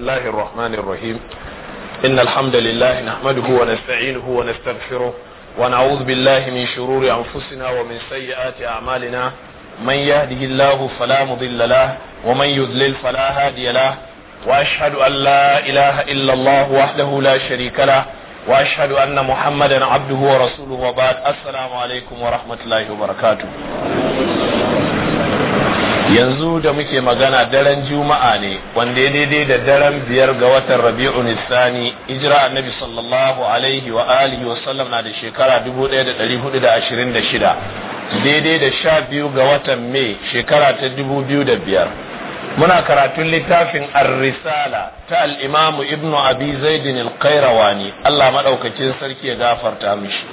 الله الرحمن الرحيم إن الحمد لله نحمده ونستعينه ونستغفره ونعوذ بالله من شرور أنفسنا ومن سيئات أعمالنا من يهده الله فلا مضل له ومن يذلل فلا هادي له وأشهد أن لا إله إلا الله وحده لا شريك له وأشهد أن محمدا عبده ورسوله وبعد السلام عليكم ورحمة الله وبركاته yanzu da muke magana daren juma'a ne wanda ya daidai da daren biyar ga watan rabi'u nisani ijira annabi sallallahu alaihi wa alihi wa sallam na da shekara 1426 daidai da sha biyu ga watan mai shekara ta 2005 muna karatun littafin ar ta al'imamu ibnu abi zaidin al ne. Allah maɗaukacin sarki ya gafarta mishi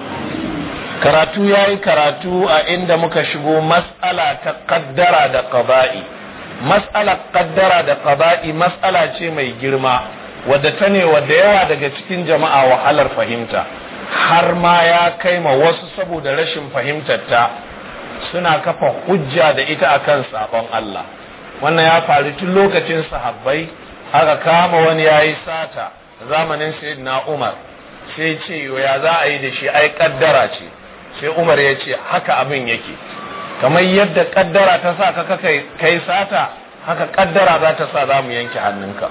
karatu ya yi karatu a inda muka shigo mas'ala ta kaddara da ƙaba'i mas'ala kaddara da ƙaba'i mas'ala ce mai girma wadda ta ne wadda yawa daga cikin jama'a wahalar fahimta har ma ya kai ma wasu saboda rashin fahimtar ta suna kafa hujja da ita akan sabon Allah wannan ya faru tun lokacin sahabbai haka kama wani yayi sata zamanin sayyidina Umar sai ce ya za a yi da shi ai kaddara ce sai umar ya ce haka abin yake kamar yadda kaddara ta sa ka kai sata haka kaddara za ta sa za mu yanke hannunka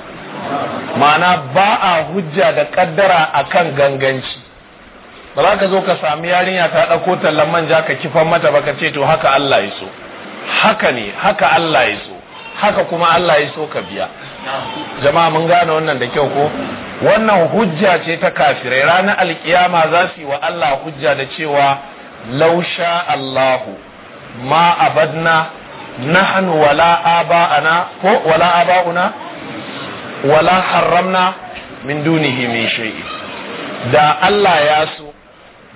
ma'ana ba a hujja da kaddara akan ganganci ba za ka zo ka sami yarinya ta ɗauko tallan manja ka kifan mata ba ka ce to haka Allah ya so haka ne haka Allah ya so haka kuma Allah ya so ka biya jama'a mun gane wannan da kyau ko wannan hujja ce ta kafirai ranar alkiyama za su yi wa Allah hujja da cewa lausha Allahu ma abadna nahnu wala aba'ana ko wala aba'una wala harramna min dunihi min shay'i da Allah ya so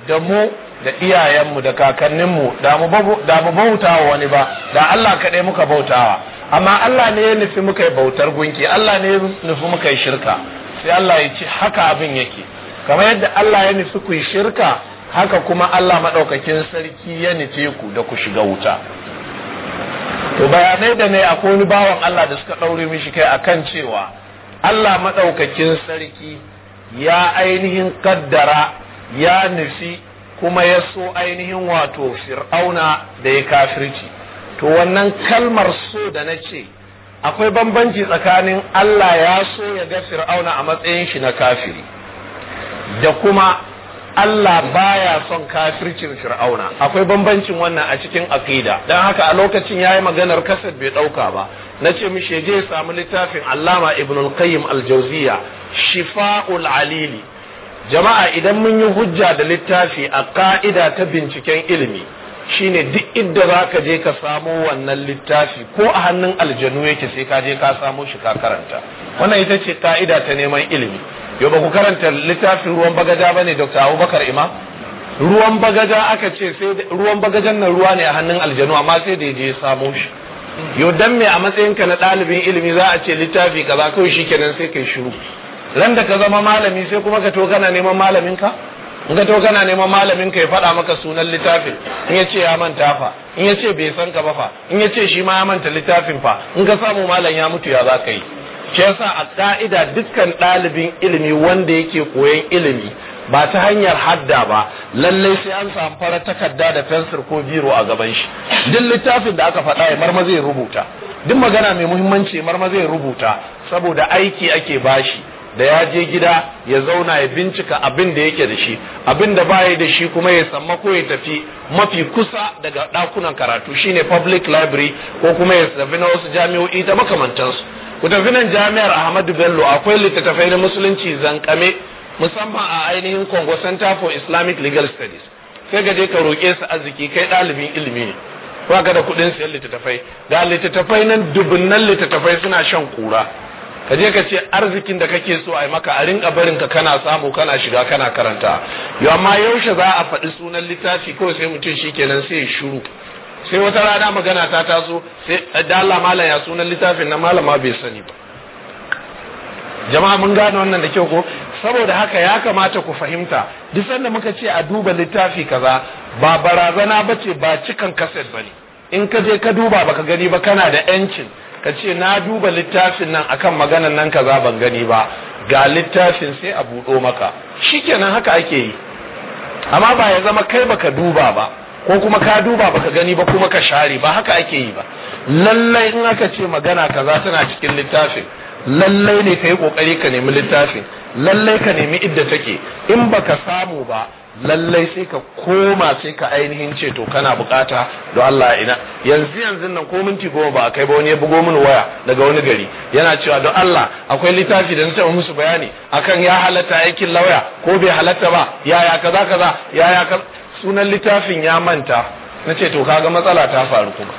da mu da iyayenmu da kakanninmu da mu bautawa wani ba da Allah kaɗai muka bautawa amma Allah ne ya nufi muka yi bautar gunki Allah ne ya nufi muka yi shirka sai Allah ya ci haka abin yake kamar yadda Allah ya nufi ku yi shirka haka kuma Allah maɗaukakin sarki ya nufe ku da ku shiga wuta to bayanai da ne akwai wani bawan Allah da suka ɗaure mishi kai akan cewa Allah maɗaukakin sarki ya ainihin kaddara ya nufi kuma ya so ainihin wato fir'auna da ya kafirci to wannan kalmar so da na ce akwai bambanci tsakanin Allah ya so ya ga fir'auna a matsayin shi na kafiri da kuma Allah baya son kafircin fir'auna akwai bambancin wannan a cikin aqida dan haka a lokacin yayi maganar kasar bai dauka ba nace mishi je samu littafin Allama Ibn al-Qayyim al-Jawziyya Shifa'ul Alili jama'a idan mun yi hujja da littafi a ka'ida ta binciken ilimi shine duk inda zaka je ka samo wannan littafi ko a hannun aljanu yake sai ka je ka samo shi ka karanta wannan ita ce ka'ida ta neman ilimi yau ba ku karanta littafin ruwan bagaja ba ne dr abubakar imam ruwan bagaja aka ce sai ruwan bagajan nan ruwa ne a hannun aljanu amma sai da ya je samo shi yau dan me a matsayin ka na ɗalibin ilimi za a ce littafi kaza kawai kenan sai kai shiru ran da ka zama malami sai kuma ka to kana neman malamin ka in ka to kana neman malamin ka ya faɗa maka sunan littafin in ya ce ya manta fa in ya ce bai san ka ba fa in ya ce shi ma ya manta littafin fa in ka samu malam ya mutu ya za ka yi shi yasa a ƙa'ida dukkan ɗalibin ilimi wanda yake koyon ilimi ba ta hanyar hadda ba lallai sai an samu farar takarda da fensir ko biro a gaban shi duk littafin da aka faɗa ya marma zai rubuta duk magana mai muhimmanci marma zai rubuta saboda aiki ake bashi da ya je gida ya zauna ya bincika abin da yake da shi abin da baya da shi kuma ya samma ko ya tafi mafi kusa daga ɗakunan karatu shine public library ko kuma ya tafi na wasu jami'o'i ta makamantansu ku tafi nan jami'ar ahmadu bello akwai littattafai na musulunci zankame musamman a ainihin congo center for islamic legal studies sai gaje ka roƙe su arziki kai ɗalibin ilimi ne ba ka da kuɗin sayan littattafai ga littattafai nan dubunnan littattafai suna shan kura ka je ka ce arzikin da kake so a yi maka a rinka barin ka kana samu kana shiga kana karanta yau amma yaushe za a faɗi sunan littafi kawai sai mutum shi kenan sai ya shuru sai wata rana magana ta taso sai da Allah mala ya sunan littafin na malama bai sani ba jama'a mun gane wannan da kyau ko saboda haka ya kamata ku fahimta duk sanda muka ce a duba littafi kaza ba barazana bace ba cikan kaset ba ne. in ka je ka duba baka gani ba kana da yancin ka ce na duba littafin nan akan maganan nan kaza ban gani ba ga littafin sai a buɗo maka shikenan haka ake yi amma ba ya zama kai baka duba ba ko kuma ka duba baka gani ba kuma ka share ba haka ake yi ba lallai in aka ce magana kaza tana cikin littafin lallai ne ka yi kokari ka nemi littafin lallai ka nemi idda take in baka samu ba lallai sai ka koma sai ka ainihin ce to kana bukata don Allah ina yanzu yanzu nan ko minti goma ba kai ba wani ya bugo min waya daga wani gari yana cewa don Allah akwai littafi da na musu bayani akan ya halatta aikin lauya ko bai halatta ba yaya kaza kaza yaya kaza sunan littafin ya manta na ce to kaga matsala ta faru kuma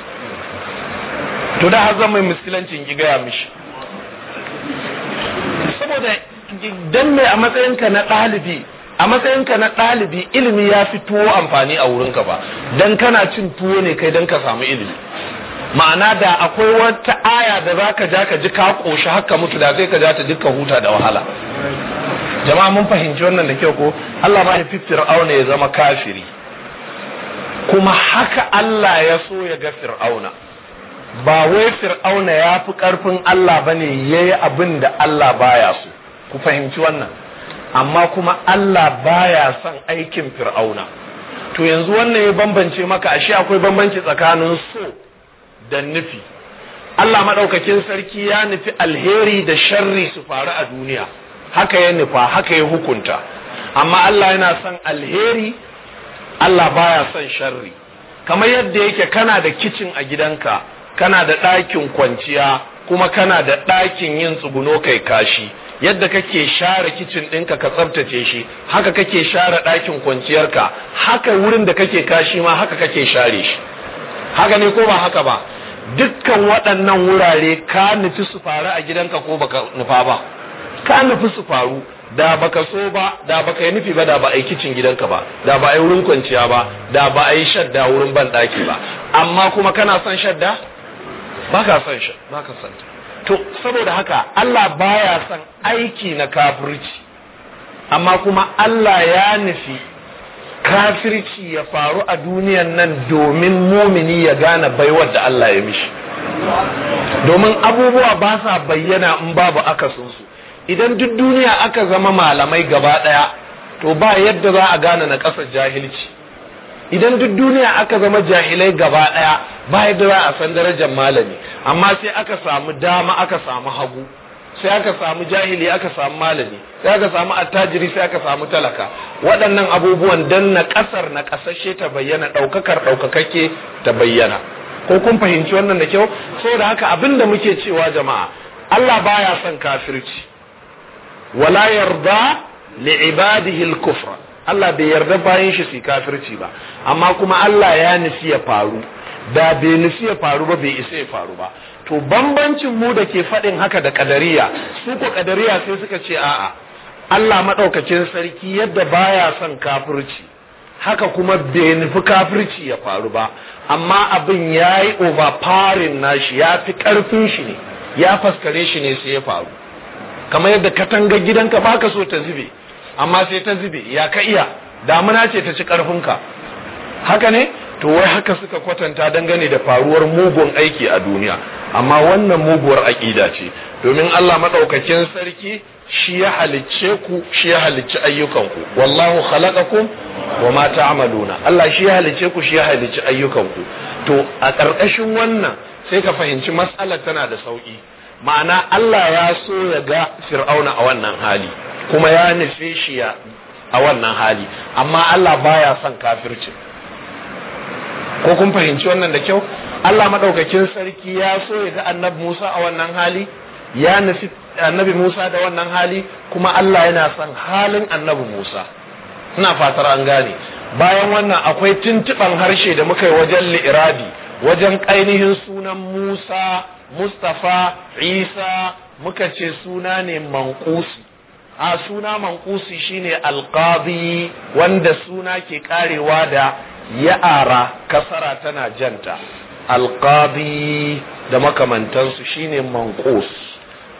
to da har zama miskilancin ki gaya mishi saboda dan mai a matsayinka na ɗalibi a matsayinka na ɗalibi ilimi ya fi tuwo amfani a wurinka ba dan kana cin tuwo ne kai dan ka samu ilimi ma'ana da akwai wata aya da za ka ja ka ji ka ƙoshi haka mutu da zai ka ja ta dukkan huta da wahala jama'a mun fahimci wannan da kyau ko Allah ba ya fi fir'auna ya zama kafiri kuma haka Allah ya so ya ga fir'auna ba wai fir'auna ya fi karfin Allah bane ne ya yi abin da Allah baya so ku fahimci wannan amma kuma Allah baya son aikin fir'auna to yanzu wannan ya bambance maka ashe akwai bambanci tsakanin so da nufi Allah maɗaukakin sarki ya nufi alheri da sharri su faru a duniya haka ya nufa haka ya hukunta amma Allah yana son alheri Allah baya son sharri kamar yadda yake kana da kicin a gidanka kana da ɗakin kwanciya kuma kana da ɗakin yin tsuguno kai kashi yadda kake share kicin ɗinka ka tsabtace shi haka kake share ɗakin kwanciyarka haka wurin da kake kashi ma haka kake share shi haka ne ko ba haka ba dukkan waɗannan wurare ka nufi su faru a gidanka ko baka nufa ba ka nufi su faru da baka so ba da baka yi nufi ba da ba a yi kicin gidanka ba da ba a yi wurin kwanciya ba da ba a yi shadda wurin ban daki ba amma kuma kana son shadda Ba ka son shadda ka son ta to saboda haka Allah baya son aiki na kafirci amma kuma Allah ya nufi kafirci ya faru a duniyan nan domin mumini ya gane baiwar da Allah ya mishi domin abubuwa ba sa bayyana in babu akasinsu idan duk duniya aka zama malamai gaba ɗaya to ba yadda za a gane na ƙasar jahilci idan duk duniya aka zama jahilai gaba ɗaya ba yadda za a san darajar malami amma sai aka samu dama aka samu hagu sai aka samu jahili aka samu malami sai aka samu attajiri sai aka samu talaka waɗannan abubuwan dan na ƙasar na ƙasashe ta bayyana ɗaukakar ɗaukakakke ta bayyana ko kun fahimci wannan da kyau saboda haka abin da muke cewa jama'a Allah baya son kafirci wala yarda li ibadihi al-kufra Allah bai yarda bayan shi su kafirci ba amma kuma Allah ya nufi ya faru da bai nufi ya faru ba bai isa ya faru ba to bambancin mu da ke faɗin haka da kadariya su ko kadariya sai suka ce a'a Allah maɗaukacin sarki yadda baya son kafirci haka kuma bai nufi kafirci ya faru ba amma abin ya yi overpowering nashi ya fi ƙarfin shi ne ya faskare shi ne sai ya faru kamar yadda katanga gidanka baka so ta zube amma sai ta zube ya ka iya damuna ce ta ci karfinka haka ne to wai haka suka kwatanta dangane da faruwar mugun aiki a duniya amma wannan muguwar aƙida ce domin Allah maɗaukakin sarki shi ya halicce ku shi ya halicci ayyukanku wallahu khalaqakum wa ma ta'maluna Allah shi ya halicce ku shi ya halicci ayyukanku to a ƙarƙashin wannan sai ka fahimci matsalar tana da sauƙi ma'ana Allah ya so ya ga fir'auna a wannan hali kuma ya nufe shi a wannan hali amma Allah baya son kafircin ko kun fahimci wannan da kyau Allah maɗaukakin sarki ya so ya ga annabi Musa a wannan hali ya nufi annabi Musa da wannan hali kuma Allah yana son halin annabi Musa ina fatar an gane bayan wannan akwai tuntuɓan harshe da muka yi wajen li'irabi wajen ainihin sunan Musa Mustapha Isa muka ce suna ne manƙusi a suna manƙusi shine alqadi wanda suna ke karewa da ya'ara kasara tana janta alqadi da makamantansu shine manqus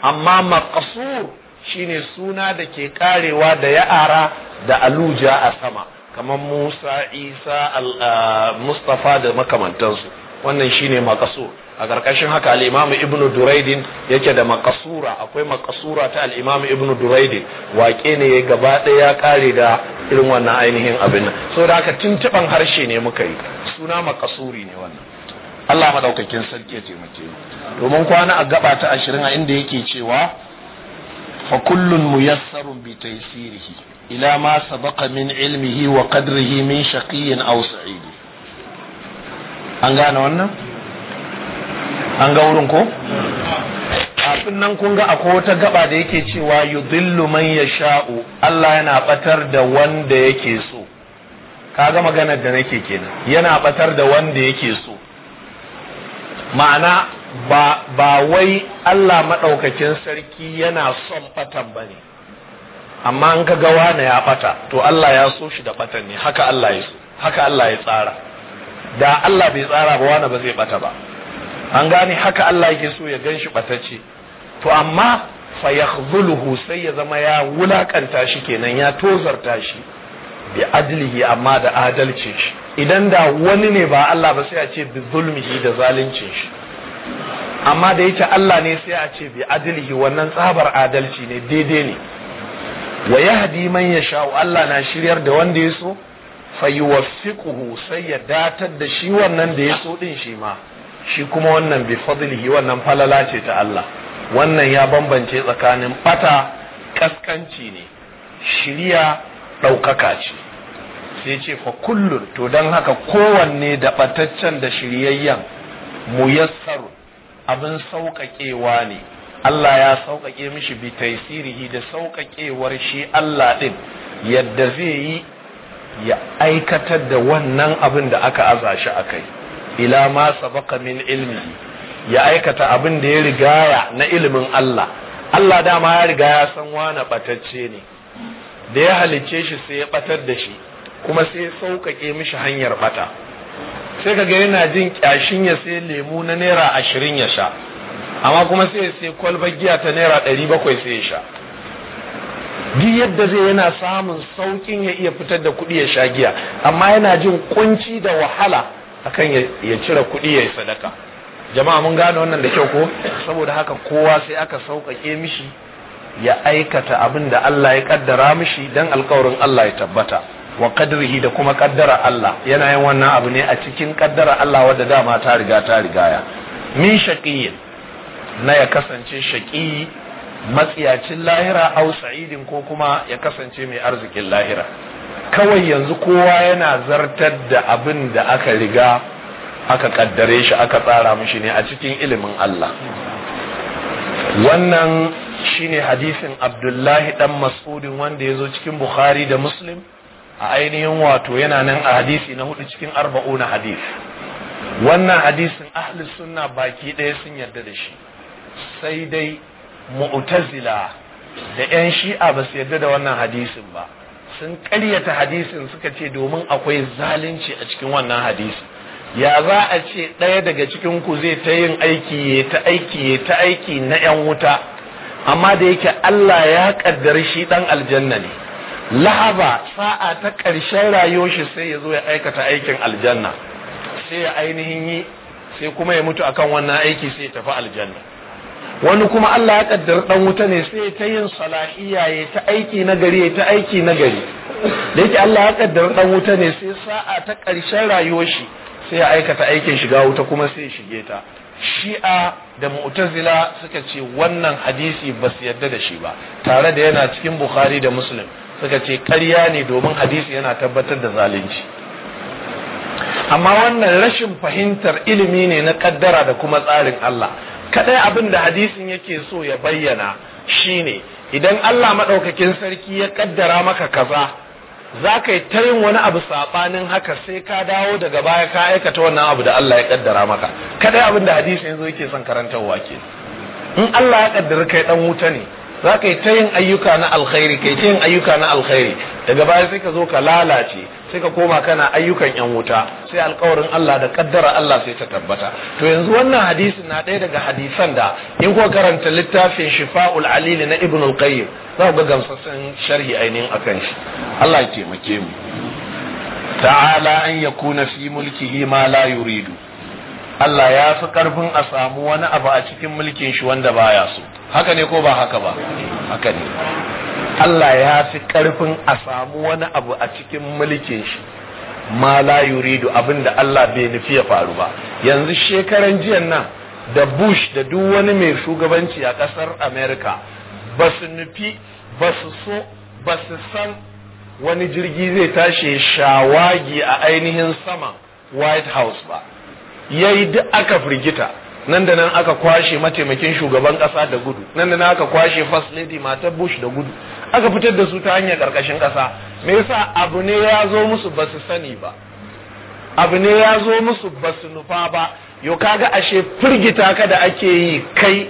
amma maqsur shine suna da ke karewa da ya'ara da aluja a sama kamar Musa Isa eh, Mustapha da makamantansu wannan shine maqasur a ƙarƙashin haka al-imam ibnu duraidin yake da makasura akwai makasura ta al-imam ibnu duraidin waƙe ne ya gaba ɗaya ya kare da irin wannan ainihin abin nan da haka tuntuban harshe ne muka yi suna maqasuri ne wannan Allah madaukakin sarki ya taimake mu domin kwana a gaba ta ashirin a inda yake cewa fa kullun muyassarun bi taysirihi ila ma sabaqa min ilmihi wa qadrihi min shaqiyyin aw an gane wannan an ga wurin ko kafin nan kun ga akwai wata gaba da yake cewa yudillu man yasha'u Allah yana batar da wanda yake so kaga maganar da nake kenan yana batar da wanda yake so ma'ana ba ba wai Allah maɗaukakin sarki yana son fatan ba ne, amma an ka ga wani ya fata to Allah ya so shi da fatan ne haka Allah ya so haka Allah ya tsara da Allah bai tsara ba wani ba zai bata ba an gane haka Allah yake so ya gan shi batacce to amma fa yakhdhuluhu sai ya zama ya wulakanta shi kenan ya tozarta shi bi adlihi amma da adalcin shi idan da wani ne ba Allah ba sai a ce bi zulmihi da zalincin shi amma da yake Allah ne sai a ce bi adlihi wannan tsabar adalci ne daidai ne wa yahdi man yasha Allah na shiryar da wanda ya so fayuwaffiquhu sai ya datar da shi wannan da ya so din shi ma shi kuma wannan bi fadlihi wannan falala ce ta Allah wannan ya bambance tsakanin bata kaskanci ne Shirya ɗaukaka ce sai ce fa kullun to don haka kowanne da bataccen da shiryayyen muyassaru abin sauƙaƙewa ne Allah ya sauƙaƙe mishi bi taisirihi da sauƙaƙewar shi Allah ɗin yadda zai yi ya aikatar da wannan abin da aka aza shi a kai ila ma sabaka min ilmi ya aikata abin da ya rigaya na ilimin Allah Allah dama ya riga ya san wani batacce ne da ya halicce shi sai ya batar da shi kuma sai ya sauƙaƙe mishi hanyar bata sai ka kaga yana jin kyashin ya sai lemu na naira ashirin ya sha amma kuma sai ya sai kwalbar giya ta naira ɗari bakwai sai ya sha duk yadda zai yana samun saukin ya iya fitar da kuɗi ya sha giya amma yana jin kunci da wahala akan ya cire kuɗi ya sadaka jama'a mun gane wannan da kyau ko saboda haka kowa sai aka sauƙaƙe mishi ya aikata abin da Allah ya kaddara mishi dan alƙawarin Allah ya tabbata wa qadrihi da kuma kaddara Allah yana yin wannan abu ne a cikin kaddara Allah wadda dama ta riga ta rigaya min shaqiyyin na ya kasance shaqiyyi matsiyacin lahira au sa'idin ko kuma ya kasance mai arzikin lahira kawai yanzu kowa yana zartar da abin da aka riga aka kaddare shi aka tsara mishi ne a cikin ilimin Allah wannan shine hadisin abdullahi dan mas'udin wanda ya zo cikin bukhari da muslim a ainihin wato yana nan a hadisi na hudu cikin arba'una hadis wannan hadisin ahlus sunna baki ɗaya sun yarda da shi sai dai mu'tazila da 'yan shi'a ba su yarda da wannan hadisin ba sun ƙaryata hadisin suka ce domin akwai zalunci a cikin wannan hadisi ya za a ce ɗaya daga cikin ku zai ta yin aiki ya ta aiki ya ta aiki na 'yan wuta amma da yake Allah ya ƙaddar shi ɗan aljanna ne lahaba sa'a ta ƙarshen rayuwar shi sai ya zo ya aikata aikin aljanna sai ya ainihin yi sai kuma ya mutu akan wannan aiki sai ya tafi aljanna wani kuma Allah ya kaddar dan wuta ne sai ta yin salahiyya ya ta aiki na gari ya ta aiki na gari da yake Allah ya kaddar dan wuta ne sai sa'a ta karshen rayuwar shi sai ya aikata aikin shiga wuta kuma sai ya shige ta shi'a da mu'tazila suka ce wannan hadisi ba su yarda da shi ba tare da yana cikin bukhari da muslim suka ce ƙarya ne domin hadisi yana tabbatar da zalunci amma wannan rashin fahimtar ilimi ne na kaddara da kuma tsarin Allah kadai abin da hadisin yake so ya bayyana shine idan Allah madaukakin sarki ya kaddara maka kaza za ka yi ta yin wani abu saɓanin haka sai ka dawo daga baya ka aikata wannan abu da Allah ya kaddara maka kadai abin da hadisin yanzu yake son karantarwa ke in Allah ya kaddara kai dan wuta ne za ka yi ta yin ayyuka na alkhairi kai ta yin ayyuka na alkhairi daga baya sai ka zo ka lalace sai ka koma kana ayyukan yan wuta sai alkawarin Allah da kaddara Allah sai ta tabbata to yanzu wannan hadisin na ɗaya daga hadisan da in ko karanta littafin Shifa'ul Alil na Ibn al za ku ga gamsassan sharhi ainihin akan shi Allah ya taimake mu ta'ala an yakuna fi mulkihi ma la yuridu Allah ya fi karfin a samu wani abu a cikin mulkin shi wanda baya so haka ne ko ba haka ba haka ne Allah ya fi karfin a samu wani abu a cikin mulkin shi ma la yuridu abin da Allah bai nufi ya faru ba yanzu shekaran jiyan nan da Bush da duk wani mai shugabanci a ƙasar Amerika ba su nufi ba su so ba su san wani jirgi zai tashi shawagi a ainihin sama White House ba yayi duk aka firgita nan da nan aka kwashe mataimakin shugaban ƙasa da gudu nan da nan aka kwashe first lady matar bush da gudu aka fitar da su ta hanyar ƙarƙashin ƙasa me yasa abu ne ya zo musu ba su sani ba abu ne ya zo musu ba su nufa ba yau kaga ashe firgita ka da ake yi kai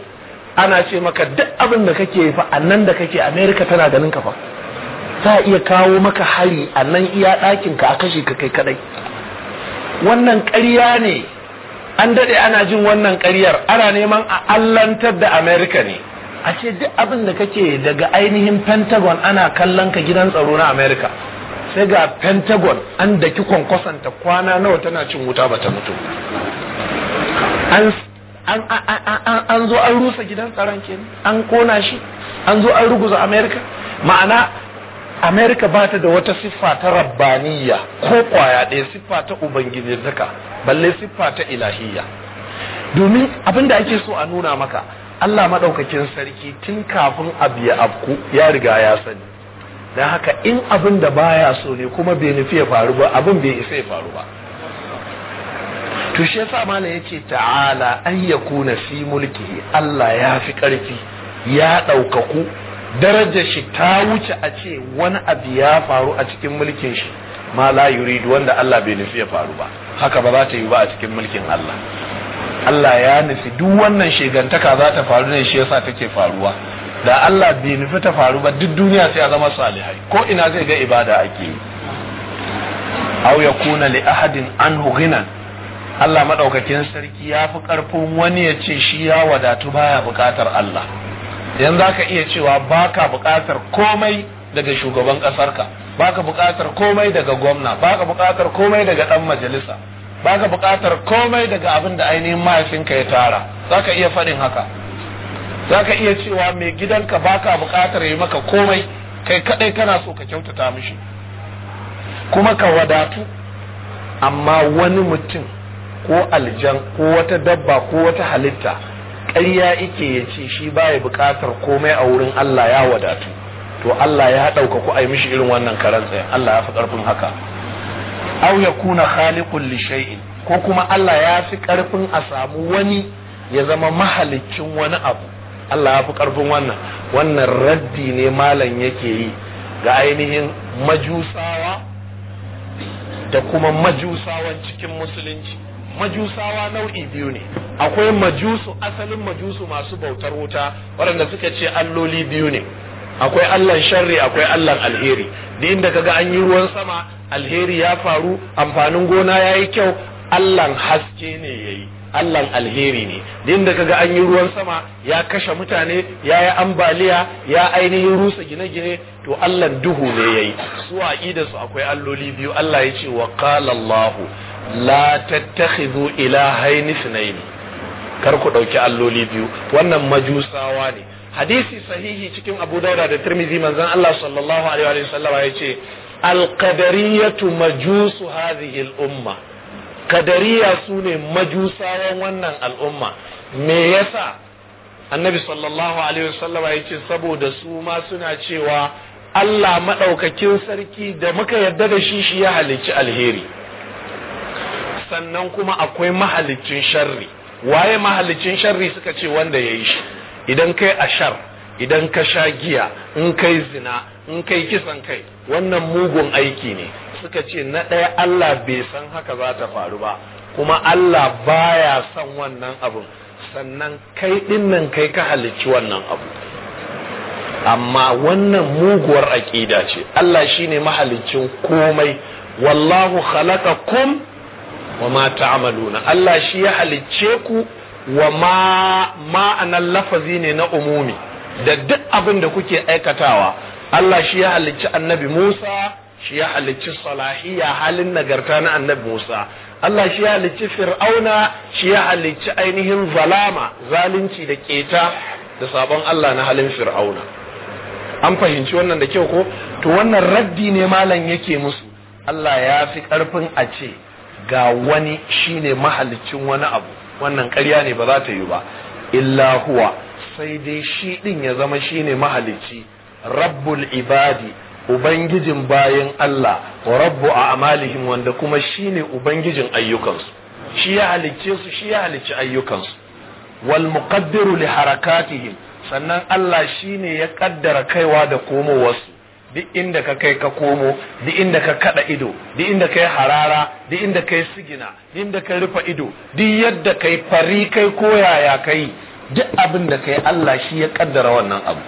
ana ce maka duk abin da kake fa a nan da kake america tana ganin ka fa za iya kawo maka hari a nan iya ɗakin ka a kashe ka kai kadai wannan ƙarya ne an daɗe ana jin wannan ƙaryar ana neman a allantar da america ne a ce duk abin da kake daga ainihin pentagon ana kallon ka gidan tsaro na america sai ga pentagon an daki kwankwasanta kwana nawa tana cin wuta bata mutu an zo an rusa gidan tsaron ke an kona shi an zo an ruguza america ma'ana america ba ta da wata siffa ta rabbaniya ko kwaya ɗaya siffa ta ubangiji balle siffa ta ilahiyya domin abin da ake so a nuna maka Allah maɗaukakin sarki tun kafin abu ya afku ya riga ya sani don haka in abin da baya so ne kuma bai nufi ya faru ba abin bai isa ya faru ba to shi yasa ya ce ta'ala an yakuna fi mulki Allah ya fi karfi ya ɗaukaku Daraja shi ta wuce a ce wani abu ya faru a cikin mulkin shi ma la yuridu wanda Allah bai nufi ya faru ba haka ba za ta yi ba a cikin mulkin Allah Allah ya nufi duk wannan shegantaka za ta faru ne shi yasa take faruwa da Allah bai nufi ta faru ba duk duniya sai a zama salihai ko ina zai ga ibada ake yi aw yakuna li ahadin anhu ghina Allah madaukakin sarki ya fi karfin wani ya ce shi ya wadatu baya bukatar Allah yanzu zaka iya cewa baka bukatar komai daga shugaban kasarka baka bukatar komai daga gwamna baka bukatar komai daga dan majalisa ba ka buƙatar komai daga abin da ainihin mahaifinka ya tara za ka iya faɗin haka za ka iya cewa mai gidanka ba ka buƙatar yi maka komai kai kaɗai kana so ka kyautata mishi kuma ka wadatu amma wani mutum ko aljan ko wata dabba ko wata halitta ƙarya ike ya ce shi baya buƙatar komai a wurin Allah ya wadatu to Allah ya ɗauka ku a yi mishi irin wannan karan Allah ya fi ƙarfin haka aw yakuna khaliqun li shay'in ko kuma Allah ya fi karfin a samu wani ya zama mahalicin wani abu Allah ya fi karfin wannan wannan raddi ne malam yake yi ga ainihin majusawa da kuma majusawan cikin musulunci majusawa nau'i biyu ne akwai majusu asalin majusu masu bautar wuta waɗanda suka ce alloli biyu ne akwai Allah sharri akwai Allah alheri da inda kaga an yi ruwan sama alheri ya faru amfanin gona ya yi kyau Allah haske ne ya yi Allah alheri ne da inda kaga an yi ruwan sama ya kashe mutane ya yi ambaliya ya ainihin rusa gine-gine to Allah duhu ne ya yi su a su akwai alloli biyu Allah ya ce wa qala Allah la tattakhidhu ilahayn ithnayn kar ku ɗauki alloli biyu wannan majusawa ne hadisi sahihi cikin abu dauda da tirmizi manzan Allah sallallahu alaihi wa sallama ya ce alqadariyatu majusu hadhihi al'umma kadariya su ne majusawan wannan al'umma me yasa annabi sallallahu alaihi sallama ya ce saboda su ma suna cewa Allah maɗaukakin sarki da muka yarda da shi shi ya halicci alheri sannan kuma akwai mahalicin sharri waye mahalicin sharri suka ce wanda ya yi shi idan kai ashar idan ka sha giya in kai zina in kai kisan kai wannan mugun aiki ne suka ce na ɗaya Allah bai san haka za ta faru ba kuma Allah baya son wannan abun sannan kai ɗin kai ka halicci wannan abu amma wannan muguwar aƙida ce Allah shine mahaliccin komai wallahu khalaqakum wa ma ta'maluna Allah shi ya halicce ku wa ma ma'anar lafazi ne na umumi da duk abin da kuke aikatawa Allah shi ya halicci annabi Musa shi ya halicci salahiya halin nagarta na annabi Musa Allah shi ya halicci fir'auna shi ya halicci ainihin zalama zalunci da keta da sabon Allah na halin fir'auna an fahimci wannan da kyau ko to wannan raddi ne malam yake musu Allah ya fi karfin a ce ga wani shine mahalicin wani abu wannan ƙarya ne ba za ta yi ba illa huwa sai dai shi ɗin ya zama shine mahalicci rabbul ibadi ubangijin bayan Allah wa rabbu a'malihim wanda kuma shine ubangijin ayyukansu shi ya halicce su shi ya halicci ayyukansu wal muqaddiru li harakatihim sannan Allah shine ya kaddara kaiwa da komowarsu duk inda ka kai ka komo duk inda ka kada ido duk inda kai harara duk inda kai sigina duk inda ka rufa ido duk yadda kai fari kai koyaya kai duk abin da kai Allah shi ya kaddara wannan abu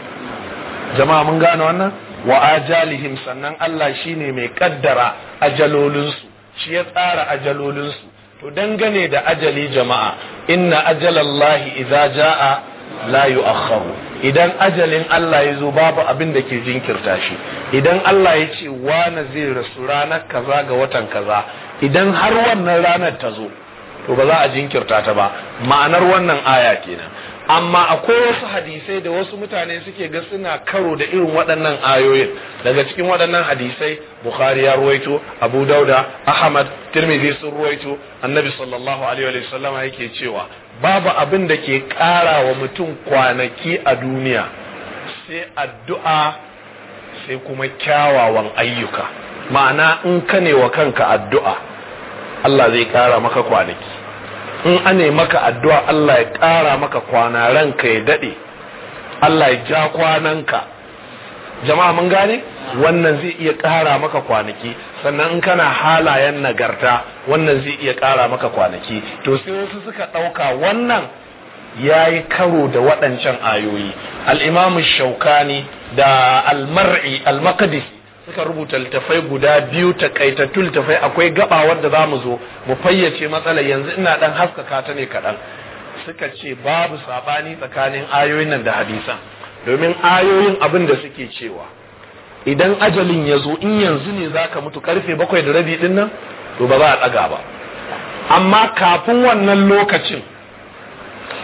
jama'a mun gane wannan wa ajalihim sannan Allah shi ne mai kaddara ajalolinsu shi ya tsara ajalolinsu to dangane da ajali jama'a inna ajalallahi idza jaa la yu'akhkharu idan ajalin Allah ya zo babu abin da ke jinkirta shi idan Allah ya ce wani zai rasu ranar kaza ga watan kaza idan har wannan ranar ta zo to ba za a jinkirta ta ba ma'anar wannan aya kenan amma akwai wasu hadisai da wasu mutane suke ga suna karo da irin waɗannan ayoyin daga cikin waɗannan hadisai bukhari ya ruwaito abu dauda ahmad tirmidhi sun ruwaito annabi sallallahu alaihi wa sallama yake cewa babu abin da ke ƙara wa mutum kwanaki a duniya sai addu'a sai kuma kyawawan ayyuka ma'ana in ka ne wa kanka addu'a Allah zai ƙara maka kwanaki in ane maka addu'a Allah ya ƙara maka kwana ranka ya daɗe Allah ya ja kwananka jama'a mun gane wannan zai iya ƙara maka kwanaki sannan in kana halayen nagarta wannan zai iya ƙara maka kwanaki to sai wasu suka ɗauka wannan ya yi karo da waɗancan ayoyi al'imamu shaukani da Al-Mar’i, al-maqdisi suka rubuta littafai guda biyu takaitattu littafai akwai gaba wanda za mu zo mu fayyace matsalar yanzu ina dan haskaka ta ne kaɗan suka ce babu saɓani tsakanin ayoyin nan da hadisan domin ayoyin abin da suke cewa idan ajalin ya zo in yanzu ne za ka mutu karfe bakwai da rabi din nan to ba za a ɗaga ba amma kafin wannan lokacin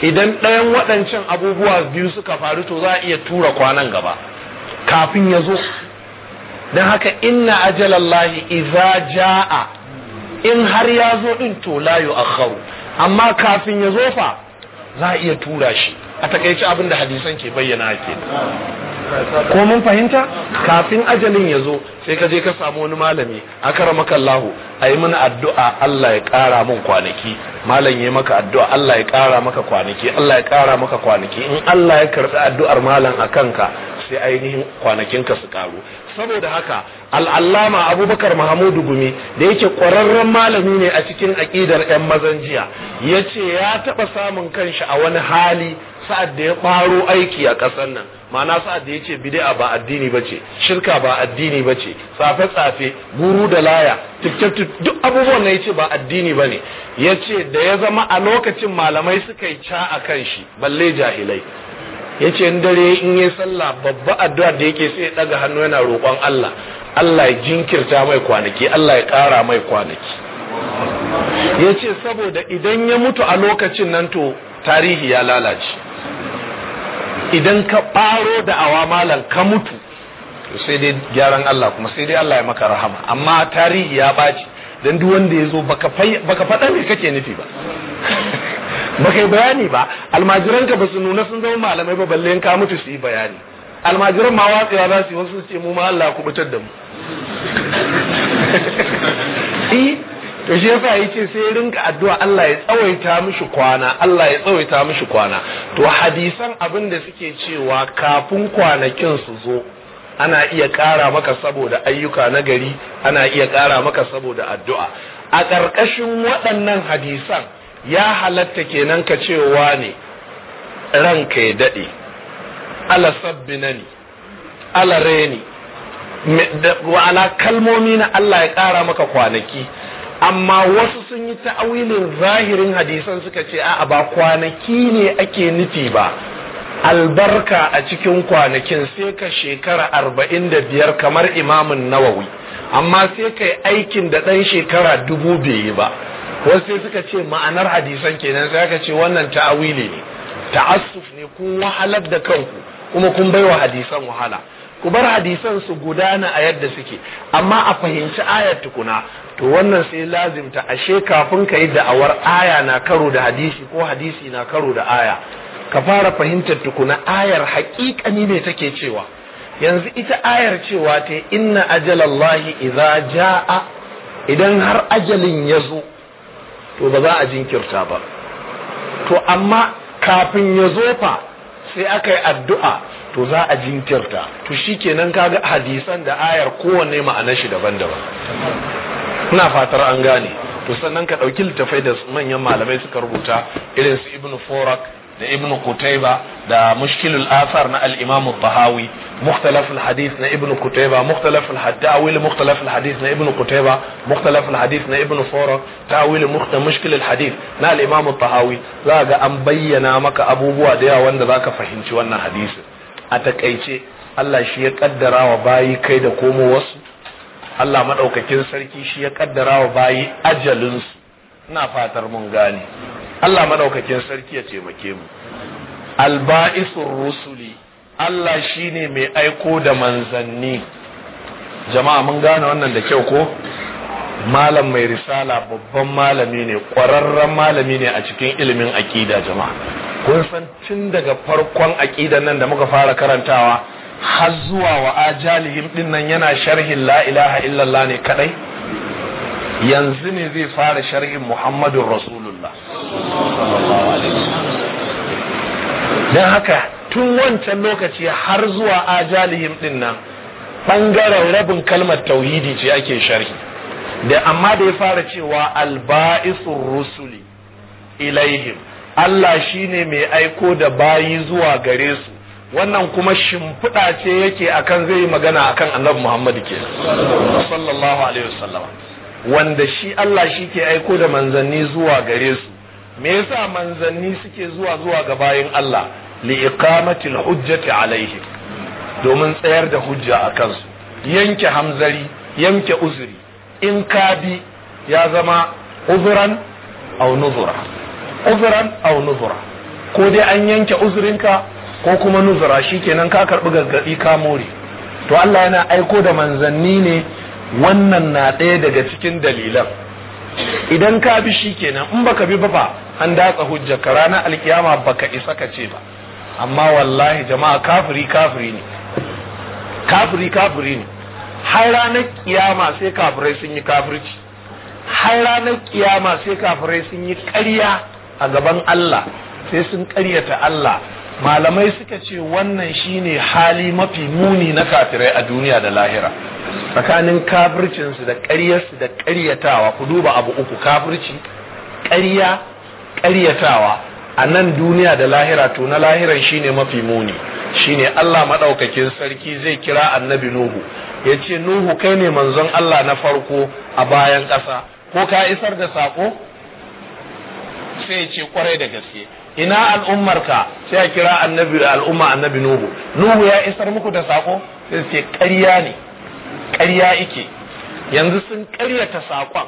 idan ɗayan waɗancan abubuwa biyu suka faru to za a iya tura kwanan gaba kafin ya zo don haka inna ajalallahi iza ja'a in har ya zo din to la yu'akhkharu amma kafin ya zo fa za a iya tura shi a takaice abin da hadisan ke bayyana ke ko mun fahimta kafin ajalin ya zo sai ka je ka samu wani malami a kara maka Lahu, a yi mana addu'a Allah ya ƙara mun kwanaki malam ya maka addu'a Allah ya kara maka kwanaki Allah ya kara maka kwanaki in Allah ya karɓi addu'ar malam a kanka sai ainihin kwanakinka su ƙaru saboda haka al'allama abubakar mahamudu gumi da yake ƙwararren malami ne a cikin aƙidar 'yan mazan jiya ya ce ya taɓa samun kanshi a wani hali sa'ad da ya ɓaro aiki a ƙasar nan ma'ana sa'ad da ya ce bid'a ba addini ba ce shirka ba addini ba ce tsafe-tsafe guru da laya tifke duk abubuwan na ya ce ba addini ba ne ya ce da ya zama a lokacin malamai suka yi ca a kan shi balle jahilai yace in dare in yi sallah babba addu'a da yake sai ya daga hannu yana roƙon Allah Allah ya jinkirta mai kwanaki Allah ya ƙara mai kwanaki yace saboda idan ya mutu a lokacin nan to tarihi ya lalace idan ka ɓaro da awa malam ka mutu sai dai gyaran Allah kuma sai dai Allah ya maka rahama amma tarihi ya ɓaci don duk wanda ya zo baka faɗa ne kake nufi ba ba kai bayani ba almajiranka ba su nuna sun zama malamai ba balle ka mutu su yi bayani almajiran ma watsewa za su yi wasu ce mu ma Allah ku bitar da mu eh to shi yasa yake sai rinka addu'a Allah ya tsawaita mishi kwana Allah ya tsawaita mishi kwana to hadisan abin da suke cewa kafin kwanakin su zo ana iya ƙara maka saboda ayyuka na gari ana iya ƙara maka saboda addu'a a ƙarƙashin waɗannan hadisan ya halatta kenan ka cewa ne ranka ya daɗe ala ne, ala reni wa'ala kalmomi na Allah ya ƙara maka kwanaki amma wasu sun yi ta'awilin zahirin hadisan suka ce a'a ba kwanaki ne ake nufi ba albarka a cikin kwanakin sai ka shekara arba'in da biyar kamar imamin nawawi amma sai ka yi aikin da ɗan shekara dubu bai yi ba wasu suka ce ma'anar hadisan kenan sai aka ce wannan ta'awili ne ta'assuf ne kun wahalar da kanku kuma kun baiwa hadisan wahala ku bar hadisan su gudana a yadda suke amma a fahimci ayar tukuna to wannan sai lazimta ashe kafin ka yi da'awar aya na karo da hadisi ko hadisi na karo da aya ka fara fahimtar tukuna ayar haƙiƙani ne take cewa yanzu ita ayar cewa ta inna ajalallahi idza jaa idan har ajalin ya zo to ba za a jinkirta ba to amma kafin ya zo fa sai aka yi addu'a to za a jinkirta to shi ka kaga hadisan da ayar kowanne ma'anar shi daban-daban ina fatar an gane to sannan ka ɗauki littafai da manyan malamai suka rubuta irin su ibn forak da ibnu kutaiba da mushkilul asar na al-imam al-tahawi mukhtalaf al-hadith na ibnu kutaiba mukhtalaf al-tawil mukhtalaf al-hadith na ibnu kutaiba mukhtalaf al-hadith na ibnu fura tawil mukhta mushkil al-hadith na al-imam al-tahawi za ga an bayyana maka abubuwa da yawa wanda zaka fahimci wannan hadith a takaice Allah shi ya kaddara wa bayi kai da komo wasu Allah madaukakin sarki shi ya kaddara wa bayi ajalinsu ina fatar mun gane Allah madaukakin sarki ya taimake mu alba'isur rusuli Allah shine mai aiko da manzanni jama'a mun gane wannan da kyau ko malam mai risala babban malami ne ƙwararren malami ne a cikin ilimin aƙida jama'a kun san tun daga farkon aƙidan nan da muka fara karantawa har zuwa wa ajalihim din nan yana sharhin la ilaha illallah ne kadai yanzu ne zai fara sharhin muhammadun rasulullah don haka tun wancan lokaci har zuwa ajalihim din nan ɓangaren rabin kalmar tauhidi ce ake sharhi da amma da ya fara cewa alba'isun rusuli ilaihim Allah shi ne mai aiko da bayi zuwa gare su wannan kuma shimfiɗa ce yake akan zai yi magana akan annabi Muhammadu ke sallallahu alaihi wanda shi Allah shi ke aiko da manzanni zuwa gare su me yasa manzanni suke zuwa zuwa ga bayin Allah li iqamatil hujjati alaihi domin tsayar da hujja a kansu yanke hamzari yanke uzuri in ka bi ya zama uzuran aw nuzura uzuran aw nuzura ko dai an yanke uzurinka ko kuma nuzura shikenan ka karbi gargadi ka more to Allah yana aiko da manzanni ne wannan na ɗaya daga cikin dalilan idan ka bi shikenan in baka bi ba an datsa hujjarka ranar alkiyama baka isa ka ce ba amma wallahi jama'a kafiri kafiri ne kafiri kafiri ne har ranar kiyama sai kafirai sun yi kafirci har ranar kiyama sai kafirai sun yi ƙarya a gaban Allah sai sun ƙaryata Allah malamai suka ce wannan shine hali mafi muni na kafirai a duniya da lahira tsakanin kafircinsu da ƙaryarsu da ƙaryatawa ku duba abu uku kafirci ƙarya ƙaryatawa a nan duniya da lahira to na lahiran shine mafi muni shine Allah maɗaukakin sarki zai kira annabi Nuhu ya ce Nuhu kai ne manzon Allah na farko a bayan ƙasa ko ka isar da saƙo sai ya ce kwarai da gaske ina al'ummarka sai ya kira annabi al'umma annabi Nuhu Nuhu ya isar muku da saƙo sai ce ƙarya ne ƙarya ike yanzu sun ƙaryata saƙon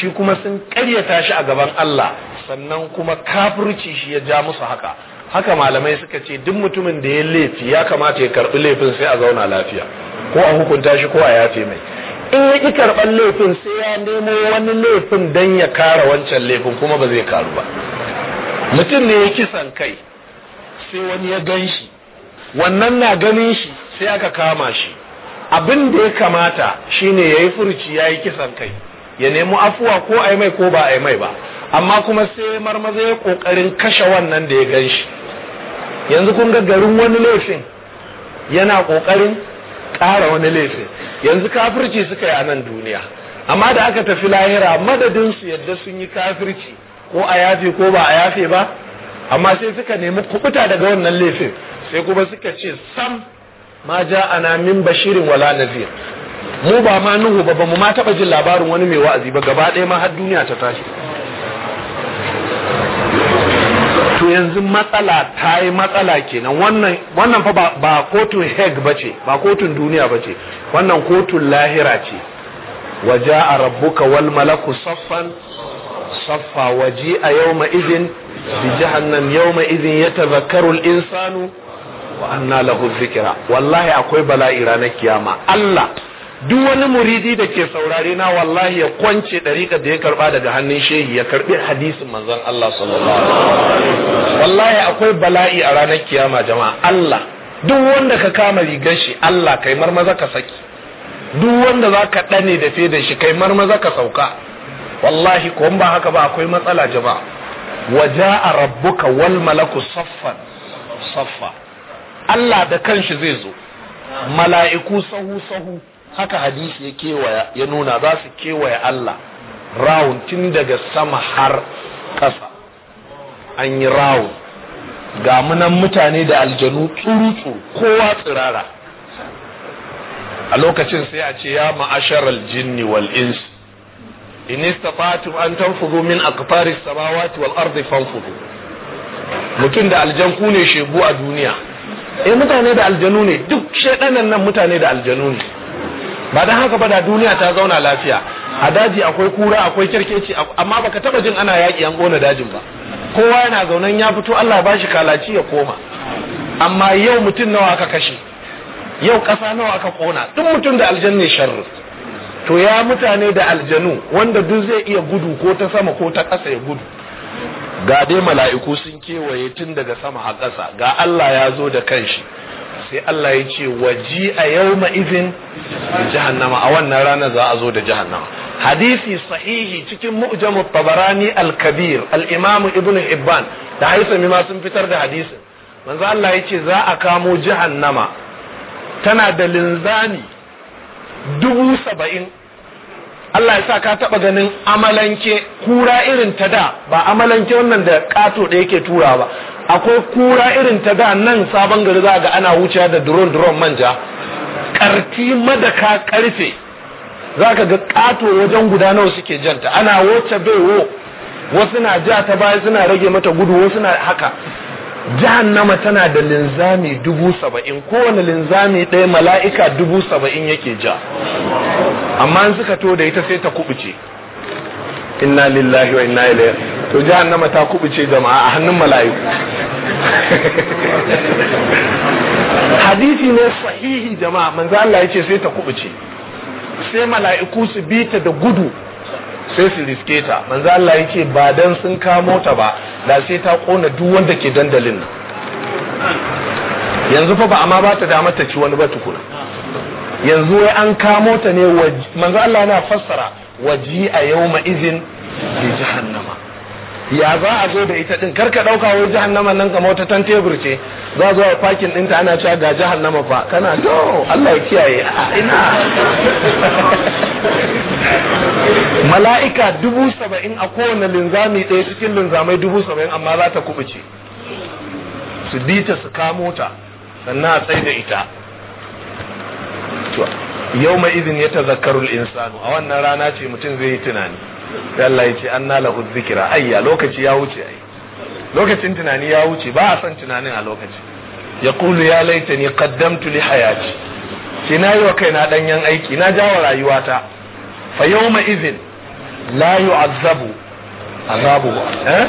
shi kuma sun ƙaryata shi a gaban Allah sannan kuma kafirci shi ya ja musu haka haka malamai suka ce duk mutumin da ya laifi ya kamata ya karbi laifin sai a zauna lafiya ko a hukunta shi ko a yafe mai in ya ki karɓar laifin sai ya nemo wani laifin don ya kara wancan laifin kuma ba zai karu ba mutum ne ya kisan kai sai wani ya gan shi wannan na ganin shi sai aka kama shi abin da ya kamata shine ya yi furci, ya yi kisan kai ya nemi afuwa ko a mai ko ba a mai ba amma kuma sai marmaza ya kokarin kashe wannan da ya gan shi yanzu kun ga garin wani laifin yana kokarin kara wani laifin yanzu kafirci suka yi a nan duniya amma da aka tafi lahira madadin su yadda sun yi kafirci ko a yafe ko ba a yafe ba amma sai suka nemi kubuta daga wannan laifin sai kuma suka ce sam ma ja ana min bashirin wala nazir mu ba ma nuhu ba mu ma taba jin labarin wani mai wa'azi ba gaba ɗaya ma har duniya ta tashi to yanzu matsala ta yi matsala kenan wannan fa ba kotun heg ba ce ba kotun duniya ba ce wannan kotun lahira ce waje a rabbuka wal malaku saffan saffa waje a yau izin bi jahannan yau maizin ya tazakarul insanu wa anna lahu zikira wallahi akwai bala'i ranar kiyama Allah duk wani muridi da ke saurare na wallahi ya kwance ɗariƙar da ya karɓa daga hannun shehi ya karɓi hadisin manzon Allah sallallahu alaihi wasallam wallahi akwai bala'i a ranar kiyama jama'a Allah duk wanda ka kama rigar shi Allah kai marmaza ka saki duk wanda za ka ɗane da fe da shi kai marmaza ka sauka wallahi ko ba haka ba akwai matsala jama'a waja'a rabbuka wal malaku saffan saffa Allah da kanshi zai zo mala'iku sahu sahu haka hadisi ya kewaya ya nuna za su kewaya Allah rawun tun daga sama har ƙasa an yi rawun ga munan mutane da aljanu tsuru kowa tsirara a lokacin sai a ce ya ma'ashar aljinni wal ins in an tanfudu min aqfari samawati wal ardi fanfudu mutum da aljan ne shebu a duniya eh mutane da aljanu ne duk shedanan nan mutane da aljanu ne ba dan haka ba da duniya ta zauna lafiya a daji akwai kura akwai kirkeci. amma baka taba jin ana yaki an ƙona dajin ba kowa yana zaunan ya fito Allah ba shi kalaci ya koma amma yau mutum nawa aka kashe yau ƙasa nawa aka kona duk mutum da aljanne sharri to ya mutane da aljanu wanda duk zai iya gudu ko ta sama ko ta ƙasa ya gudu ga dai mala'iku sun kewaye tun daga sama a ƙasa ga Allah ya zo da kanshi sai Allah ya ce waji a yau izin jahannama a wannan rana za a zo da jahannama hadisi sahihi cikin mu'jamu tabarani al-kabir al imamu ibn hibban da haisami ma sun fitar da hadisin manzo Allah ya ce za a kamo jahannama tana da linzami dubu saba'in Allah ya sa ka taba ganin amalanke kura irin ta da ba amalanke wannan da kato da yake tura ba akwai kura irin ta da nan sabon gari za ga ana wuce da drone drone manja karfi madaka karfe za ka ga kato wajen guda suke janta ana wace baiwo wasu na ja ta baya suna rage mata gudu wasu na haka jahannama tana da linzami dubu saba'in kowane linzami ɗaya mala'ika dubu saba'in yake ja amma suka to da ita sai ta kubuce inna lillahi wa inna ilaihi to jahannama ta kubuce jama'a a hannun mala'iku hadisi ne sahihi jama'a manzo Allah yace sai ta kubuce sai mala'iku su bi ta da gudu sai su riske ta manzo Allah yace ba dan sun kamo ta ba da sai ta kona duk wanda ke dandalin yanzu fa ba amma ba ta damar ta ci wani ba tukuna yanzu wai an kamo ta ne manzo Allah yana fassara waji a yau izin bi jahannama ya za a zo da ita din karka dauka wai jahannama nan kamar wata tan tebur ce za zo a fakin dinta ana cewa ga jahannama fa kana to Allah ya kiyaye a ina mala'ika dubu saba'in a kowane linzami ɗaya cikin linzamai dubu saba'in amma za ta kubuce su dita su kamo ta sannan a tsaye da ita yau mai izin ya tazakkarul insanu a wannan rana ce mutum zai yi tunani Allah ya ce an nala zikira ayya lokaci ya wuce ai lokacin tunani ya wuce ba a son tunanin a lokaci ya kulu ya laita ni qaddamtu li hayati ce na yi wa kaina danyen aiki na jawo rayuwata fa yau mai izin la yu'azzabu azabu eh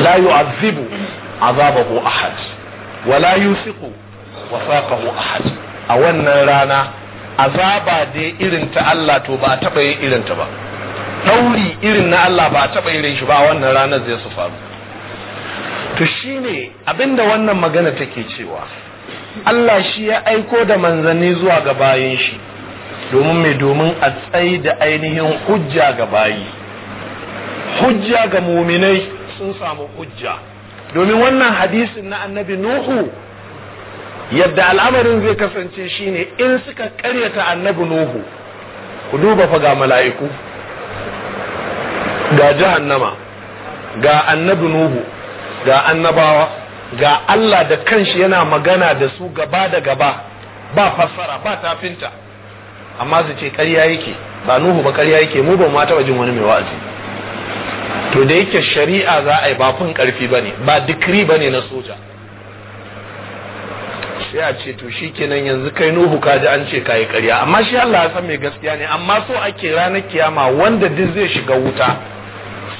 la yu'azzibu azabahu ahad wa la yusiqu wasaqahu ahad a wannan rana azaba dai irin ta Allah to ba a taɓa yin irin ta ba ɗauri irin na Allah ba a taɓa irin shi ba wannan ranar zai su faru to shine abinda wannan magana take cewa Allah shi ya aiko da manzanni zuwa ga bayin shi domin mai domin a tsayi da ainihin hujja ga bayi hujja ga muminai sun samu hujja domin wannan hadisin na annabi nuhu yadda al'amarin zai kasance shine in suka karyata annabi nuhu ku duba fa ga mala'iku ga jahannama ga annabi nuhu ga annabawa ga Allah da kanshi yana magana da su gaba da gaba ba fassara ba tafinta amma su ce karya yake ba nuhu ba karya yake mu ba mata wajin jin wani mai wa'azi to da yake shari'a za a yi ba karfi ƙarfi ba ne ba dikiri ba ne na soja sai a ce to shikenan yanzu kai nuhu ka ji an ce yi ƙarya amma shi Allah ya san mai gaskiya ne amma so ake ranar kiyama wanda duk zai shiga wuta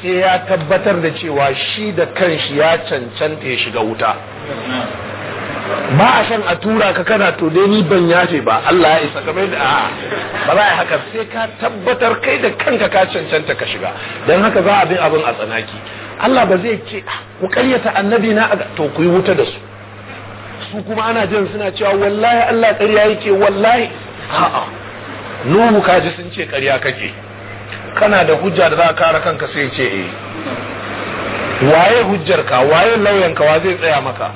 sai ya tabbatar da cewa shi da kanshi ya cancanta ya shiga wuta ba a san a tura ka kana to dai ni ban yafe ba Allah ya isa kamar da ba za a haka sai ka tabbatar kai da kanka ka cancanta ka shiga dan haka za a bin abin a tsanaki Allah ba zai ce ah, ku karyata annabi na to ku yi wuta da su su kuma ana jin suna cewa wallahi Allah ƙarya yake wallahi a'a nuhu kaji sun ce ƙarya kake kana da hujja da za ka kare kanka sai ce eh waye hujjarka waye lauyanka wa zai tsaya maka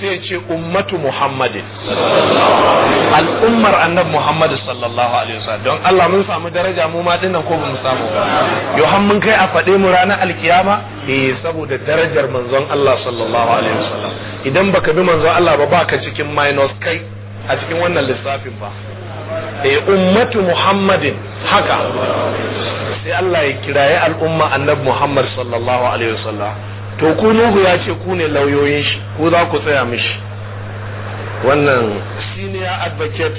sai ce ummatu muhammadin al'ummar annab muhammadu sallallahu alaihi wasallam don Allah mun samu daraja mu ma dinnan ko bamu samu ba yohan mun kai a faɗe mu ranar alkiyama eh saboda darajar manzon Allah sallallahu alaihi wasallam idan baka bi manzon Allah ba baka cikin minus kai a cikin wannan lissafin ba eh ummatu muhammadin haka sai Allah ya kiraye al'umma annab muhammad sallallahu alaihi wasallam to ku nuhu ya ce ku ne lauyoyin shi ku za ku tsaya mishi wannan senior advocate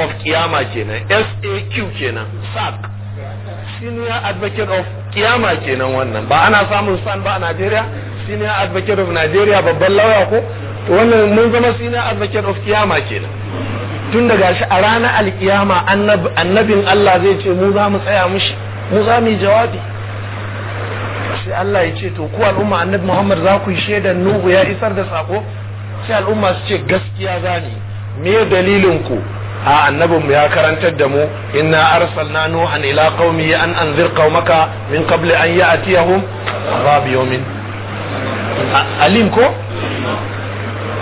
of kiyama kenan saq kenan sac senior advocate of kiyama kenan wannan ba ana samun san ba a Najeriya senior advocate of Najeriya babban lauya ko to wannan mun zama senior advocate of kiyama kenan tun daga shi a ranar alkiyama annabin Allah zai ce mu za mu tsaya mushi mu za mu yi jawabi sai Allah ya ce to ku al'umma annabi Muhammad za ku yi shaidan Nuhu ya isar da sako sai al'umma su ce gaskiya gane me dalilin ku a annabin ya karantar da mu inna arsalna nuhan ila qaumi an anzir qaumaka min qabli an ya'tiyahum azab yawmin alim ko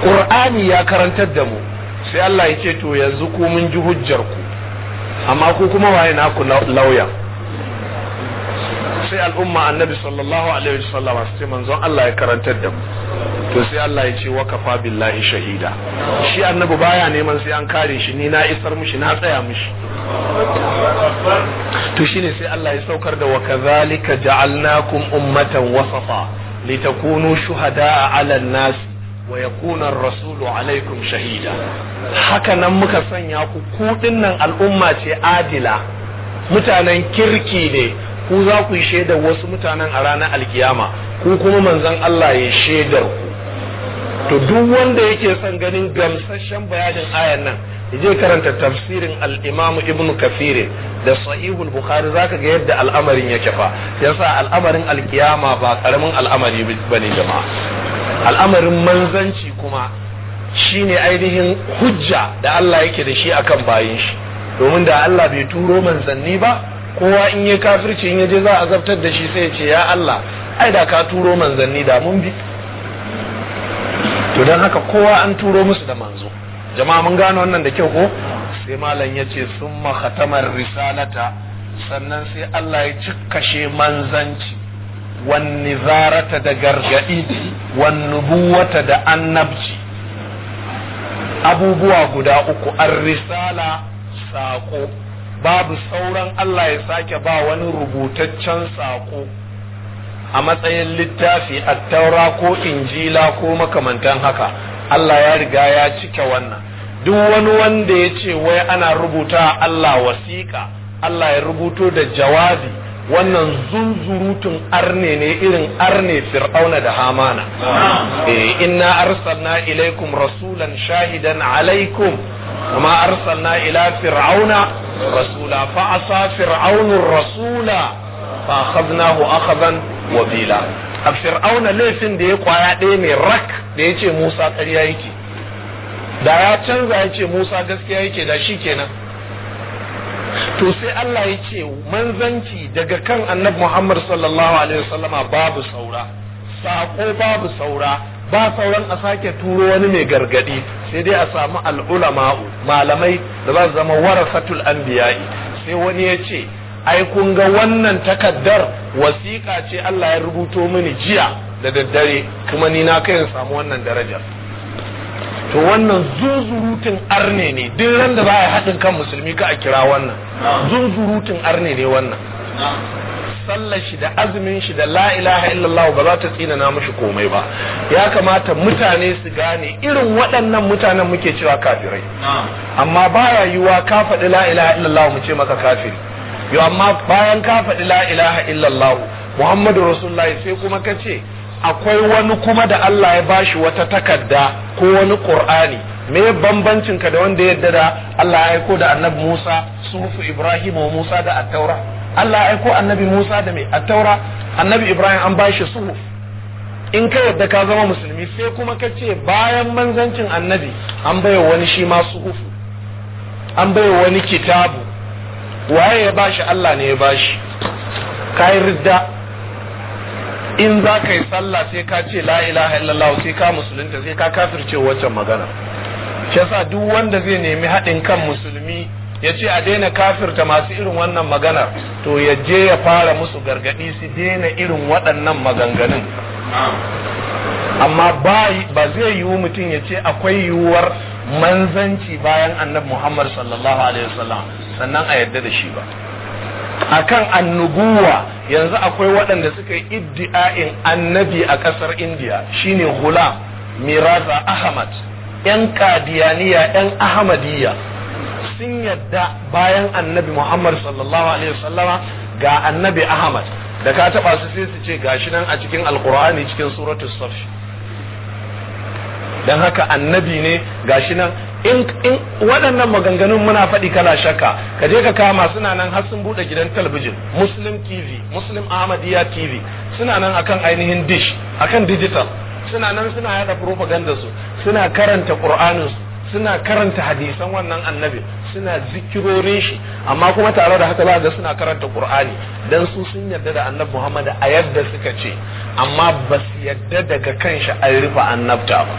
qur'ani ya karantar da mu sai Allah ya ce to yanzu ku mun ji hujjar ku amma ku kuma waye naku lauya sai al'umma annabi sallallahu alaihi wasallam su ce manzon Allah ya karantar da mu to sai Allah ya ce wa kafa billahi shahida shi annabi baya neman sai an kare shi ni na isar mushi na tsaya mushi to shine sai Allah ya saukar da wa kadhalika ja'alnakum ummatan wasafa litakunu shuhada'a 'ala an-nas wa yakuna ar-rasulu 'alaykum shahida haka nan muka sanya ku ku nan al'umma ce adila mutanen kirki ne ku za ku yi shaidar wasu mutanen a ranar alkiyama ku kuma manzan Allah ya shaidar ku to duk wanda yake son ganin gamsashen bayanin ayan nan je karanta tafsirin al-Imam Ibn Kathir da Sahihul Bukhari zaka ga yadda al'amarin yake fa yasa al'amarin alkiyama ba karamin al'amari bane jama'a al'amarin manzanci kuma shine ainihin hujja da Allah yake da shi akan bayin shi domin da Allah bai turo manzanni ba kowa in yi kafirci in ya je za a zartar da shi sai ce ya Allah ai da ka turo manzanni da mun bi to don haka kowa an turo musu da manzo jama'a mun gano wannan da kyau ko sai malam ya ce sun khatamar risalata sannan sai Allah ya cikkashe manzanci wan nizarata da gargadi wan nubuwata da annabci abubuwa guda uku an risala sako. babu sauran Allah ya sake ba wani rubutaccen saƙo a matsayin littafi a taura ko injila ko makamantan haka Allah ya riga ya cike wannan duk wani wanda ya ce wai ana rubuta Allah wasiƙa Allah ya rubuto da jawabi wannan zunzurutun arne ne irin arne fir'auna da hamana eh, inna arsalna ilaikum rasulan shahidan alaikum kuma arsalna ila fir'auna rasula fa asa fir'aunur rasula fa akhadnahu akhadan wabila a fir'auna laifin da ya kwaya ɗaya mai rak da ya ce musa ƙarya yake da ya canza ya ce musa gaskiya yake da shi kenan to sai Allah ya ce manzanci daga kan annabi Muhammad sallallahu alaihi wasallama babu saura sako babu saura ba sauran a sake turo wani mai gargadi sai dai a samu al'ulama'u malamai da za su zama warasatul anbiya'i sai wani ya ce ai kun ga wannan takaddar wasiƙa ce Allah ya rubuto mini jiya da daddare kuma ni na kai in samu wannan darajar to wannan zunzurutun arne ne duk ran da ba ya haɗin kan musulmi ka a kira wannan zunzurutun arne ne wannan sallar shi da azumin shi da la ilaha illallah ba za ta tsina na mishi komai ba ya kamata mutane su gane irin waɗannan mutanen muke cewa kafirai amma baya yiwuwa ka faɗi la ilaha illallah mu ce maka kafiri yo amma bayan ka faɗi la ilaha illallah muhammadu rasulullahi sai kuma ka ce akwai wani kuma da Allah ya bashi wata takarda ko wani qur'ani me bambancin ka da wanda yadda da Allah ya aiko da annabi Musa sufu Ibrahim wa Musa da at-taura Allah ya aiko annabi Musa da mai at-taura annabi Ibrahim an bashi suhuf in ka yadda ka zama musulmi sai kuma ka ce bayan manzancin annabi an baiwa wani shi ma suhufu an baiwa wani kitabu waye ya bashi Allah ne ya bashi kai ridda in za ka yi sallah sai ka ce la ilaha illallah sai ka musulunta sai ka kafirce wancan magana shi yasa duk wanda zai nemi haɗin kan musulmi ya ce a daina kafirta masu irin wannan magana to ya je ya fara musu gargaɗi su daina irin waɗannan maganganun amma ba zai yiwu mutum ya ce akwai yiwuwar manzanci bayan annabi muhammad sallallahu alaihi wasallam sannan a yadda da shi ba akan annubuwa yanzu akwai waɗanda suka yi iddi'ain annabi a ƙasar indiya shine hula miraza ahmad yan kadiyaniya yan ahmadiyya sun yadda bayan annabi muhammad sallallahu alaihi wasallama ga annabi ahmad da ka taɓa su sai su ce gashi nan a cikin alkur'ani cikin suratul safi don haka annabi ne gashi nan in waɗannan maganganun muna faɗi kala shakka ka je ka kama suna nan har sun buɗe gidan talabijin muslim tv muslim ahmadiyya tv suna nan akan ainihin dish akan digital suna nan suna yada propaganda su suna karanta qur'anin su suna karanta hadisan wannan annabi suna zikirorin shi amma kuma tare da haka za ga suna karanta qur'ani dan su sun yarda da annabi muhammad a yadda suka ce amma ba su yarda daga kanshi an rufe annabta ba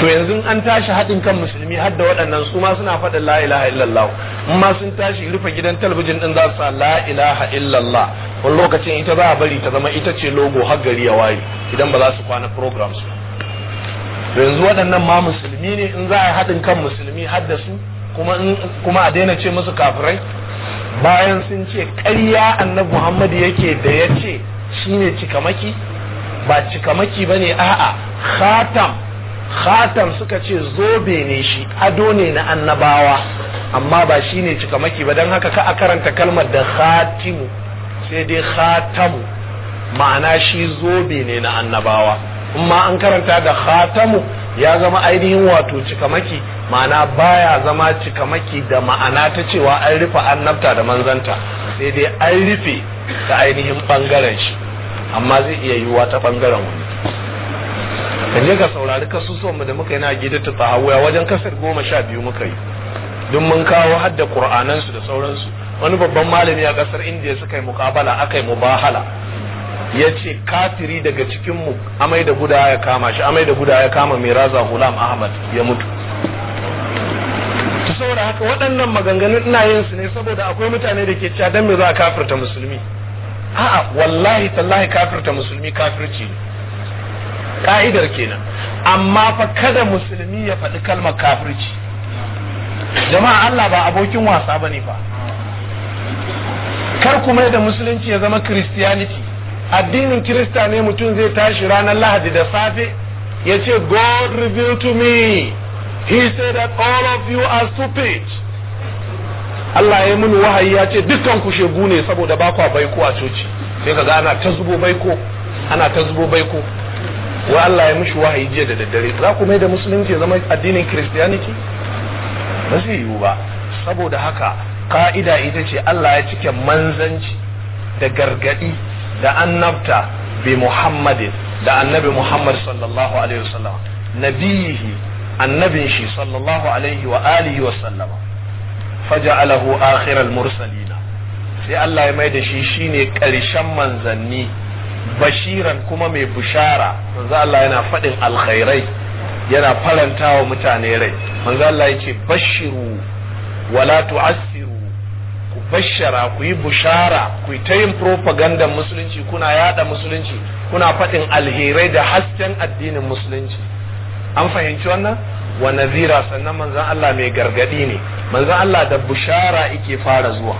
to yanzu an tashi haɗin kan musulmi har da waɗannan su ma suna faɗin la ilaha illallah in ma sun tashi rufe gidan talabijin ɗin za su sa la ilaha illallah wani lokacin ita za a bari ta zama ita ce logo har gari ya waye idan ba za su kwana programs to yanzu waɗannan ma musulmi ne in za a haɗin kan musulmi har da su kuma a daina ce musu kafirai bayan sun ce ƙarya annabi muhammad yake da ya ce shine cikamaki ba cikamaki ba ne a'a khatam khatam suka ce zobe ne shi ado ne na annabawa amma ba shi ne cikamaki ba don haka ka a karanta kalmar da khatimu sai dai khatamu ma'ana shi zobe ne na annabawa amma an karanta da khatamu ya zama ainihin wato cikamaki ma'ana baya zama cikamaki da ma'ana ta cewa an rufe annabta da manzanta sai dai an rufe ta ainihin bangaren shi amma zai iya yiwuwa ta bangaren wani ka je ka saurari kasusuwan mu da muka yi na gida ta tahawuya wajen kasar goma sha biyu muka yi duk mun kawo hadda qur'anansu da sauransu wani babban malami a kasar indiya suka yi mukabala aka yi bahala. ya ce kafiri daga cikin mu amai da guda ya kama shi amai da guda ya kama mai raza hulam ahmad ya mutu saboda haka waɗannan maganganun ina yin su ne saboda akwai mutane da ke cewa dan me za a kafirta musulmi a'a wallahi tallahi kafirta musulmi kafirci ne ka'idar kenan amma fa kada musulmi ya faɗi kalmar kafirci jama'a Allah ba abokin wasa ba ne fa kar kuma da musulunci ya zama christianity addinin kirista ne mutum zai tashi ranar lahadi da safe ya ce god reveal to me he said that all of you are stupid Allah ya yi mun wahayi ya ce dukkan ku shegu ne saboda ba baiko a coci sai ka ga ana ta zubo baiko ana ta zubo baiko wa Allah ya mushi wahayi jiya da daddare za ku mai da musulunci ya zama addinin christianity ba zai yiwu ba saboda haka ka'ida ita ce Allah ya cike manzanci da gargadi da annabta bi muhammadin da annabi muhammad sallallahu alaihi wasallam nabiyihi annabin shi sallallahu alaihi wa alihi wasallam faja'alahu akhiral mursalina sai Allah ya mai da shi shine karshen manzanni bashiran kuma mai bushara manzo Allah yana faɗin alkhairai yana faranta wa mutane rai manzo Allah yake bashiru wala tu'assiru ku bashara ku yi bushara ku yi ta yin propaganda musulunci kuna yada musulunci kuna faɗin alherai da hasken addinin musulunci an fahimci wannan wa nazira sannan manzon Allah mai gargadi ne manzon Allah da bushara yake fara zuwa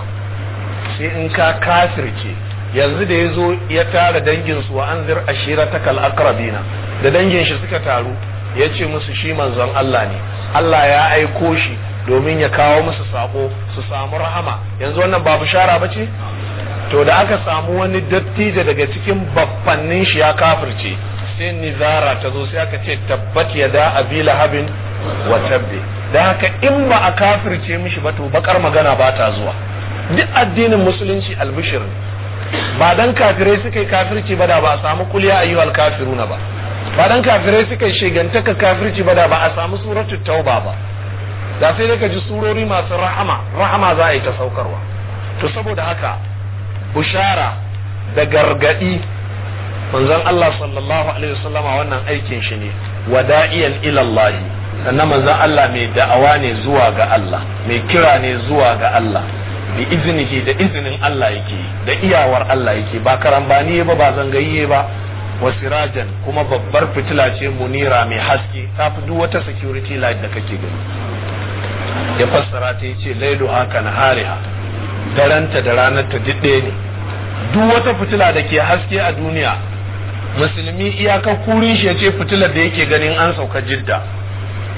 sai in ka kafirce yanzu da ya zo ya tara dangin su wa anzir ashirataka al-aqrabina da dangin shi suka taru ya ce musu shi manzon Allah ne Allah ya aiko shi domin ya kawo musu sako su samu rahama yanzu wannan ba bishara bace to da aka samu wani dattijo daga cikin babbannin shi ya kafirce sai nizara ta zo sai aka ce tabbat ya da abi habin wa tabbe da haka in ba a kafirce mishi ba to bakar magana ba ta zuwa duk addinin musulunci albishir ba dan kafirai suka yi kafirci ba da ba a samu kuliya ayyuhal kafiruna ba ba dan kafirai suka yi shegantaka kafirci ba da ba a samu suratul tauba ba da sai dai ka ji surori masu rahama rahama za a yi ta saukarwa to saboda haka bushara da gargadi manzon Allah sallallahu alaihi wasallama wannan aikin shi ne wada'iyan ila Allah sannan manzon Allah mai da'awa ne zuwa ga Allah mai kira ne zuwa ga Allah bi iznihi da izinin Allah yake da iyawar Allah yake ba karambani ba ba zangayye ba wa kuma babbar fitila ce munira mai haske ta fi duk wata security light da kake gani ya fassara ta yace lailu haka na hariha daranta da ranar ta duk ne duk wata fitila da ke haske a duniya musulmi iyakar kurin shi yace fitilar da yake ganin an sauka jidda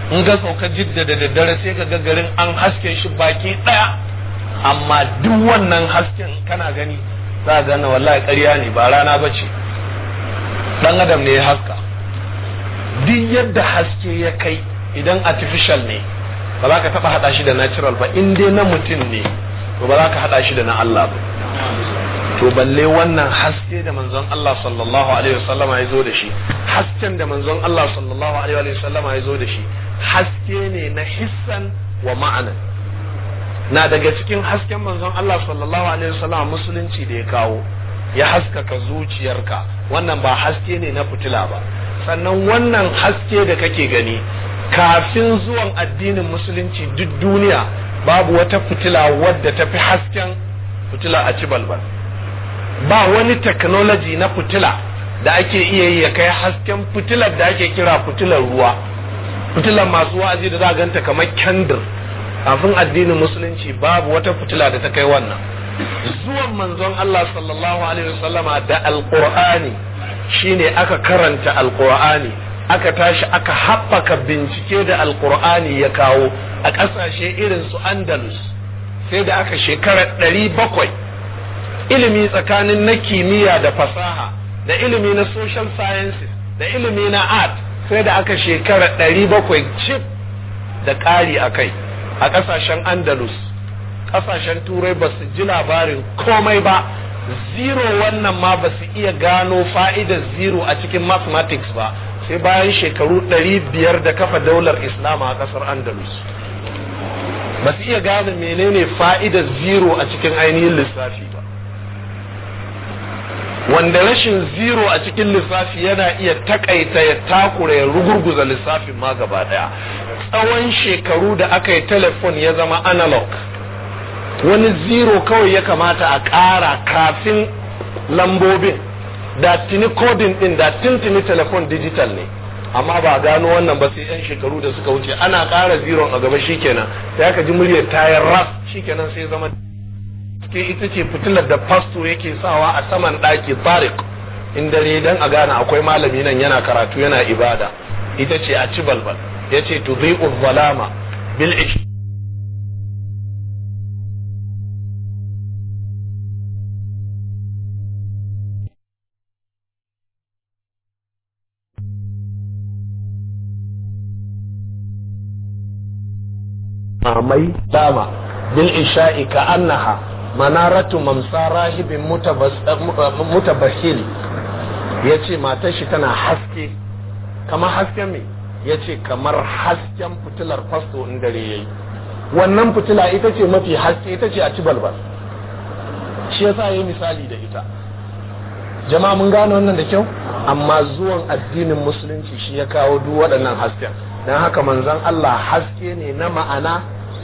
in ga sauka jidda da daddare sai ka ga garin an haske shi baki daya amma duk wannan hasken kana gani za ga na wallahi ƙarya ne ba rana ba ce ɗan adam ne ya haska duk yadda haske ya kai idan artificial ne ba za ka taɓa haɗa shi da natural ba in dai na mutum ne to ba za ka haɗa shi da na Allah ba to balle wannan haske da manzon Allah sallallahu alaihi wasallama ya zo da shi hasken da manzon Allah sallallahu alaihi wasallama ya zo da shi haske ne na hissan wa ma'anan na daga cikin hasken manzon Allah sallallahu alaihi wasallam musulunci da ya kawo ya haskaka zuciyarka wannan ba haske ne na fitila ba sannan wannan haske da kake gani kafin zuwan addinin musulunci duk duniya babu wata fitila wadda ta fi hasken fitila a cibalbal ba wani technology na fitila da ake iya yi ya kai hasken fitilar da ake kira fitilar ruwa fitilar masu wa'azi da za ganta kamar candle kafin addinin musulunci babu wata fitila da ta kai wannan zuwan manzon Allah sallallahu alaihi wasallama da alqur'ani shine aka karanta alqur'ani aka tashi aka haɓaka bincike da alqur'ani ya kawo a ƙasashe irin su andalus sai da aka shekara ɗari bakwai ilimi tsakanin na kimiyya da fasaha da ilimi na social sciences da ilimi na art sai da aka shekara ɗari bakwai cif da ƙari a kai a kasashen andalus kasashen turai ba su ji labarin komai ba zero wannan ma ba su iya gano fa'idar zero a cikin mathematics ba sai bayan shekaru ɗari biyar da kafa daular islam a kasar andalus ba su iya gano menene fa'idar zero a cikin ainihin lissafi ba wanda rashin zero a cikin lissafi yana iya takaita ya takura ya rugurguza lissafin ma gaba daya tsawon shekaru da aka yi telefon ya zama analog wani zero kawai ya kamata a ƙara kafin lambobin da tuni kodin din da tuntuni telefon digital ne amma ba gano wannan ba sai yan shekaru da suka wuce ana ƙara zero a gaba shikenan sai aka ji muryar tayar ras shikenan sai zama sai ita ce fitilar da fasto yake sawa a saman ɗaki farik in dare dan a gane akwai malami nan yana karatu yana ibada ita ce a ci balbal ya ce tu zai zalama bil mai dama bil isha'i ka annaha manaratu mamsa rahibin mutabashil ya ce matar shi tana haske kamar hasken me ya ce kamar hasken fitilar fasto in dare ya yi wannan fitila ita ce mafi haske ita ce a ci balbal shi yasa ya yi misali da ita jama'a mun gane wannan da kyau amma zuwan addinin musulunci shi ya kawo duk waɗannan hasken don haka manzon Allah haske ne na ma'ana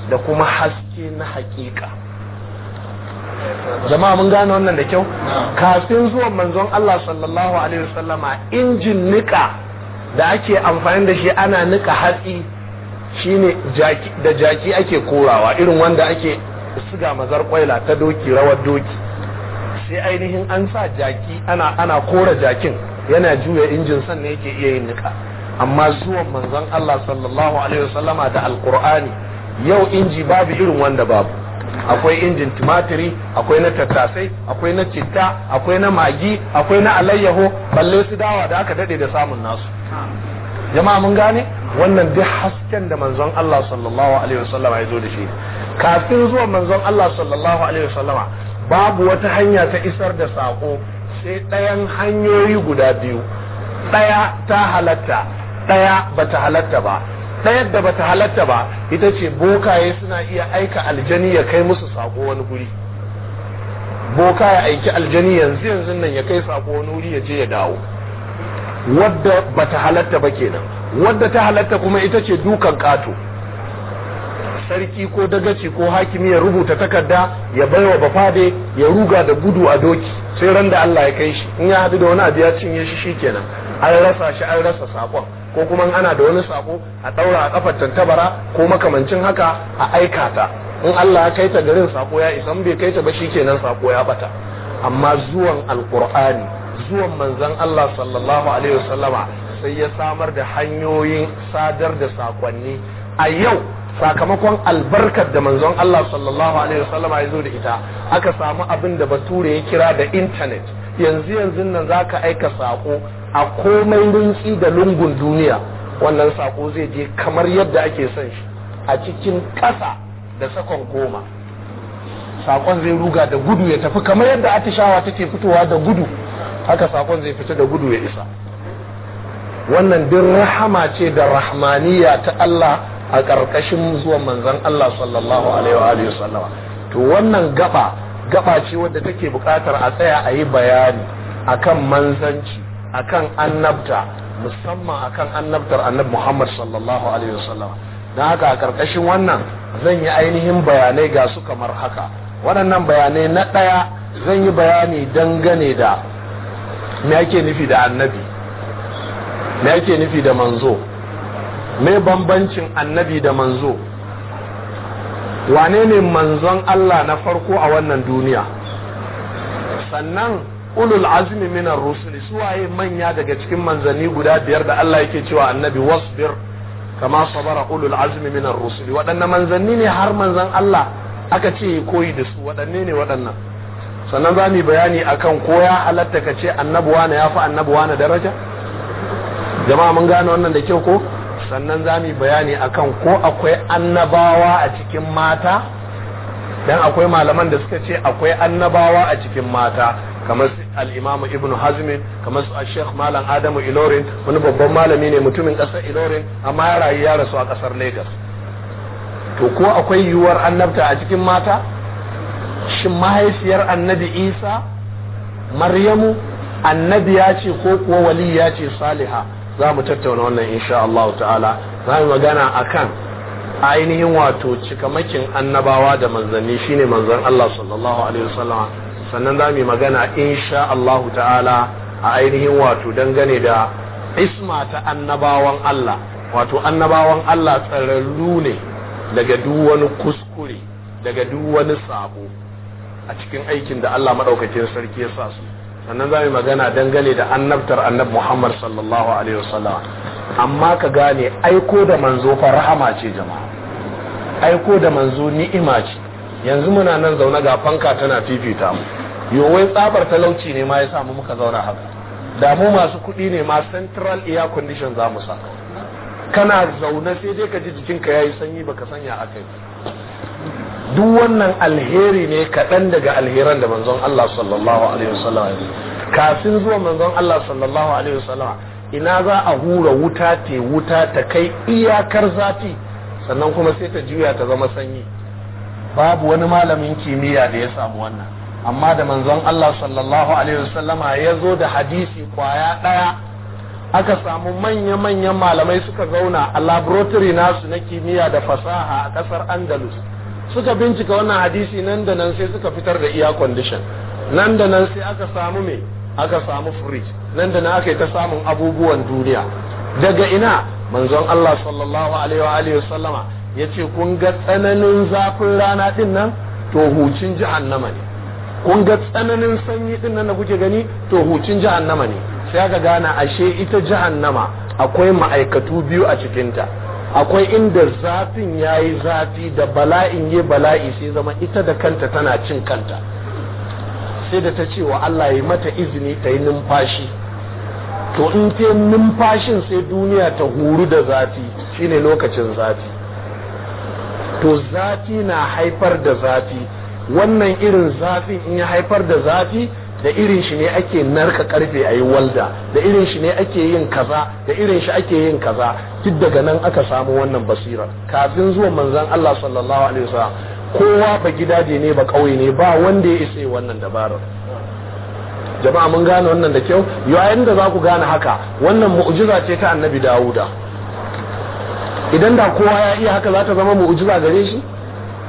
da kuma haske na haƙiƙa jama'a mun gane wannan da kyau kafin zuwan manzon Allah sallallahu alaihi wasallama injin nika da ake amfani da shi ana nika hatsi shine da jaki ake korawa irin wanda ake siga mazar kwaila ta doki rawar doki sai ainihin an sa jaki ana ana kora jakin yana juya injin sannan yake iya yin nika amma zuwan manzon Allah sallallahu alaihi wasallama da alqur'ani yau inji babu irin wanda babu akwai injin tumatiri akwai na tattasai akwai na citta akwai na magi akwai na alayyaho balle su dawa da aka dade da samun nasu jama'a mun gane wannan duk hasken da manzon Allah sallallahu alaihi wasallama ya zo da shi kafin zuwan manzon Allah sallallahu alaihi wasallama babu wata hanya ta isar da sako sai ɗayan hanyoyi guda biyu ɗaya ta halatta ɗaya bata halatta ba ɗayar da bata halatta ba ita ce bokaye suna iya aika aljani ya kai musu sako wani guri boka ya aiki aljani yanzu yanzu nan ya kai sako wani wuri ya je ya dawo wadda bata halatta ba kenan wadda ta halatta kuma ita ce dukan ƙato sarki ko dagaci ko hakimi ya rubuta takarda ya baiwa bafade ya ruga da gudu a doki sai ran da Allah ya kai shi in ya haɗu da wani abu ya cinye shi shi kenan. an rasa shi an rasa sakon ko kuma ana da wani sako a ɗaura a kafar tantabara ko makamancin haka a aika ta in Allah ya kai ta garin sako ya isa bai kai ta ba shikenan sako ya bata amma zuwan alqur'ani zuwan manzon Allah sallallahu alaihi wasallama sai ya samar da hanyoyin sadar da sakonni a yau sakamakon albarkar da manzon Allah sallallahu alaihi wasallama ya zo da ita aka samu abin da bature ya kira da internet yanzu yanzu nan zaka aika sako a komai rintsi da lungun duniya wannan sako zai je kamar yadda ake son shi a cikin ƙasa da sakon goma sakon zai ruga da gudu ya tafi kamar yadda atishawa take fitowa da gudu haka sakon zai fita da gudu ya isa wannan din rahama ce da rahmaniya ta Allah a ƙarƙashin zuwan manzon Allah sallallahu alaihi wa to wannan gaba gaba ce wadda take buƙatar a tsaya a yi bayani kan manzanci akan annabta musamman akan annabtar annabi Muhammad sallallahu alaihi wasallam don haka a karkashin wannan zan yi ainihin bayanai ga su kamar haka waɗannan bayanai na ɗaya zan yi bayani dangane da me ake nufi da annabi me ake nufi da manzo me bambancin annabi da manzo wane ne manzon Allah na farko a wannan duniya sannan ulul azmi minar rusuli suwaye manya daga cikin manzanni guda biyar da Allah yake cewa annabi wasbir kama sabara ulul azmi minar rusuli waɗanne manzanni ne har manzan Allah aka ce koyi da su waɗanne ne waɗannan sannan za mu yi bayani akan ko ya halatta ka ce annabuwa na ya fi annabuwa na daraja jama'a mun gane wannan da kyau ko sannan za mu yi bayani akan ko akwai annabawa a cikin mata dan akwai malaman da suka ce akwai annabawa a cikin mata kamar al Ibn Hazmin, kamar su Sheikh Malam Adamu Ilorin wani babban malami ne mutumin ƙasar Ilorin amma ya rayu ya rasu a ƙasar Lagos to ko akwai yiwuwar annabta a cikin mata shin mahaifiyar annabi Isa Maryamu ya ce ko kuwa waliya ce saliha za mu tattauna wannan insha Allah ta'ala za mu magana akan ainihin wato cikamakin annabawa da manzanni shine manzon Allah sallallahu alaihi wasallam sannan za mu yi magana insha Allahu ta'ala a ainihin wato dangane da isma ta annabawan Allah wato annabawan Allah tsararru ne daga duk wani kuskure daga duk wani sabo a cikin aikin da Allah madaukakin sarki ya sa su sannan za mu yi magana dangane da annabtar annab Muhammad sallallahu alaihi wasallam amma ka gane aiko da manzo fa rahama ce jama'a aiko da manzo ni'ima ce yanzu muna nan zaune ga fanka tana fifita mu yowai tsabar talauci ne ma ya samu muka zauna haka damu masu kuɗi ne ma central air condition za mu sa kana zaune sai dai ka ji jikinka ya yi sanyi baka sanya aka yi duk wannan alheri ne kaɗan daga alheran da manzon Allah sallallahu alaihi wasallam kafin zuwa manzon Allah sallallahu alaihi wasallam ina za a hura wuta te wuta ta kai iyakar zafi sannan kuma sai ta juya ta zama sanyi babu wani malamin kimiyya da ya samu wannan amma da manzon Allah sallallahu alaihi wasallama ya zo da hadisi kwaya ɗaya aka samu manya-manyan malamai suka zauna a laboratory nasu na kimiyya da fasaha a ƙasar andalus suka bincika wannan hadisi nan da nan sai suka fitar da iya condition nan da nan sai aka samu me aka samu fridge nan da nan aka ta samun abubuwan duniya daga ina manzon Allah sallallahu alaihi wa alihi yace kun ga tsananin zafin rana din nan to hucin jahannama ne kun ga tsananin sanyi din nan da kuke gani to hucin jahannama ne sai aka gana ashe ita jahannama akwai ma'aikatu biyu a cikinta akwai inda zafin ya yi zafi da bala'in ya bala'i sai zama ita da kanta tana cin kanta sai da ta ce wa Allah ya mata izini ta yi numfashi to in ta yi numfashin sai duniya ta huru da zafi shine lokacin zafi to zafi na haifar da zafi wannan irin zafin in ya haifar da zafi da irin shi ne ake narka karfe a yi walda da irin shi ne ake yin kaza da irin shi ake yin kaza duk daga nan aka samu wannan basirar. kafin zuwa manzan Allah sallallahu alaihi wasallam kowa ba gidaje ne ba kauye ne ba wanda ya isa wannan dabarar jama'a mun gane wannan da kyau yayin da za ku gane haka wannan mu'jiza ce ta annabi Dawuda idan da kowa ya iya haka za ta zama mu'jiza gare shi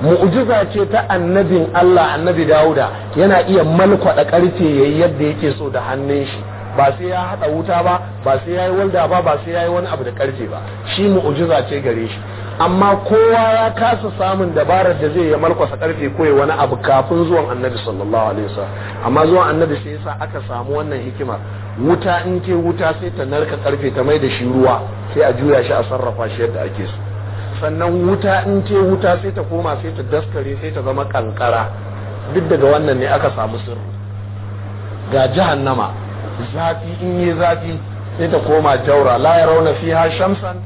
mu'jiza ce ta annabin Allah annabi Dawuda yana iya malkwada karfe yayi yadda yake so da hannun shi ba sai ya hada wuta ba ba sai yayi walda ba ba sai yayi wani abu da karfe ba shi mu'jiza ce gare shi amma kowa ya kasa samun dabarar da zai ya malkwasa karfe ko wani abu kafin zuwan annabi sallallahu alaihi wasallam amma zuwan annabi sai yasa aka samu wannan hikimar wuta in ke wuta sai ta narka karfe ta mai da shi ruwa sai a juya shi a sarrafa shi yadda ake so sannan wuta in ce wuta sai ta koma sai ta daskare sai ta zama kankara duk daga wannan ne aka samu sirri ga jahannama zafi in yi zafi sai ta koma jaura la ya rauna fiha shamsan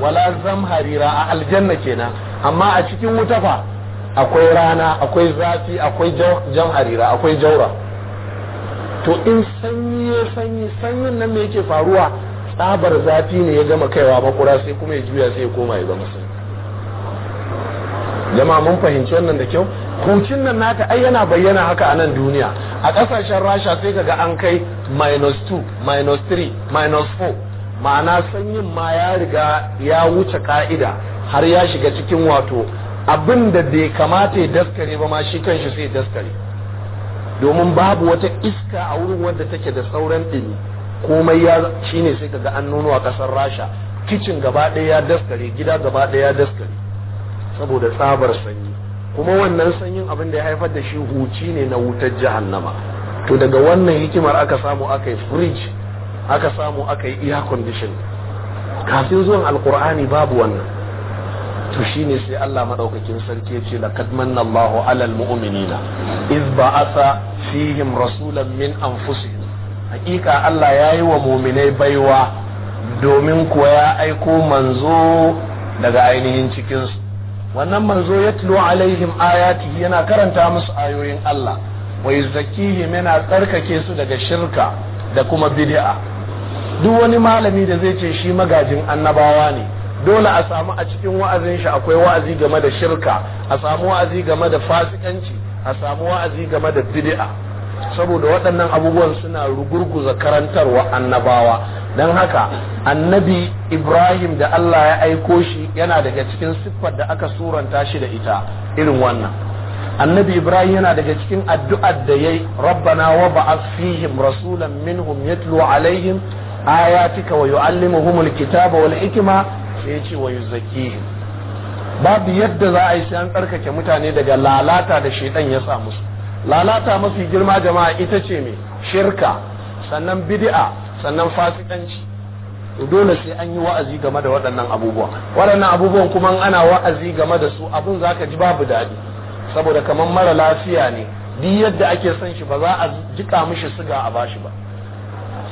wala zamharira a aljanna kenan amma a cikin wuta fa akwai rana akwai zafi akwai jamharira akwai jaura to in sanyi ya sanyi sanyin nan me yake faruwa tsabar zafi ne ya gama kaiwa makura sai kuma ya juya sai ya koma ya zama sanyi jama mun fahimci wannan da kyau hucin nan nata ai yana bayyana haka a nan duniya a kasashen rasha sai kaga an kai minus 2 minus 3 minus 4 ma'ana sanyin ma ya riga ya wuce ka'ida har ya shiga cikin wato abin da bai kamata ya daskare ba ma shi kanshi sai daskare domin babu wata iska a wurin wanda take da sauran ɗini komai ya shine sai kaga an nuno a ƙasar rasha kicin gaba ɗaya ya daskare gida gaba ɗaya ya daskare saboda tsabar sanyi kuma wannan sanyin abin da ya haifar da shi huci ne na wutar jahannama to daga wannan hikimar aka samu aka yi fridge aka samu aka yi air condition kafin zuwan alkur'ani babu wannan to ne sai Allah maɗaukakin sarki ya ce laqad manna Allahu alal mu'minina iz ba'atha fihim rasulan min anfusihim hakika Allah ya yi wa mu'minai baiwa domin kuwa ya aiko manzo daga ainihin cikinsu wannan manzo ya tulo alaihim ayati yana karanta musu ayoyin Allah wa yuzakkihim yana tsarkake su daga shirka da kuma bid'a duk wani malami da zai ce shi magajin annabawa ne dole a samu a cikin wa'azin shi akwai wa'azi game da shirka a samu wa'azi game da fasikanci a samu wa'azi game da bid'a saboda waɗannan abubuwan suna rugurguza karantarwa annabawa don haka annabi ibrahim da allah ya aiko shi yana daga cikin siffar da aka suranta shi da ita irin wannan annabi ibrahim yana daga cikin addu'ar da ya yi rabbana wa ba'ath fihim rasulan minhum yatlu alaihim ayatika wa yu'allimuhum alkitaba wal hikma sai ya ce wa yuzakkihim babu yadda za a yi sai an tsarkake mutane daga lalata da shaidan ya sa musu lalata mafi girma jama'a ita ce mai shirka sannan bid'a sannan fasikanci dole sai an yi wa'azi game da waɗannan abubuwa waɗannan abubuwan kuma ana wa'azi game da su abin zaka ji babu daɗi saboda kamar mara lafiya ne duk yadda ake son shi ba za a jika mishi siga a bashi ba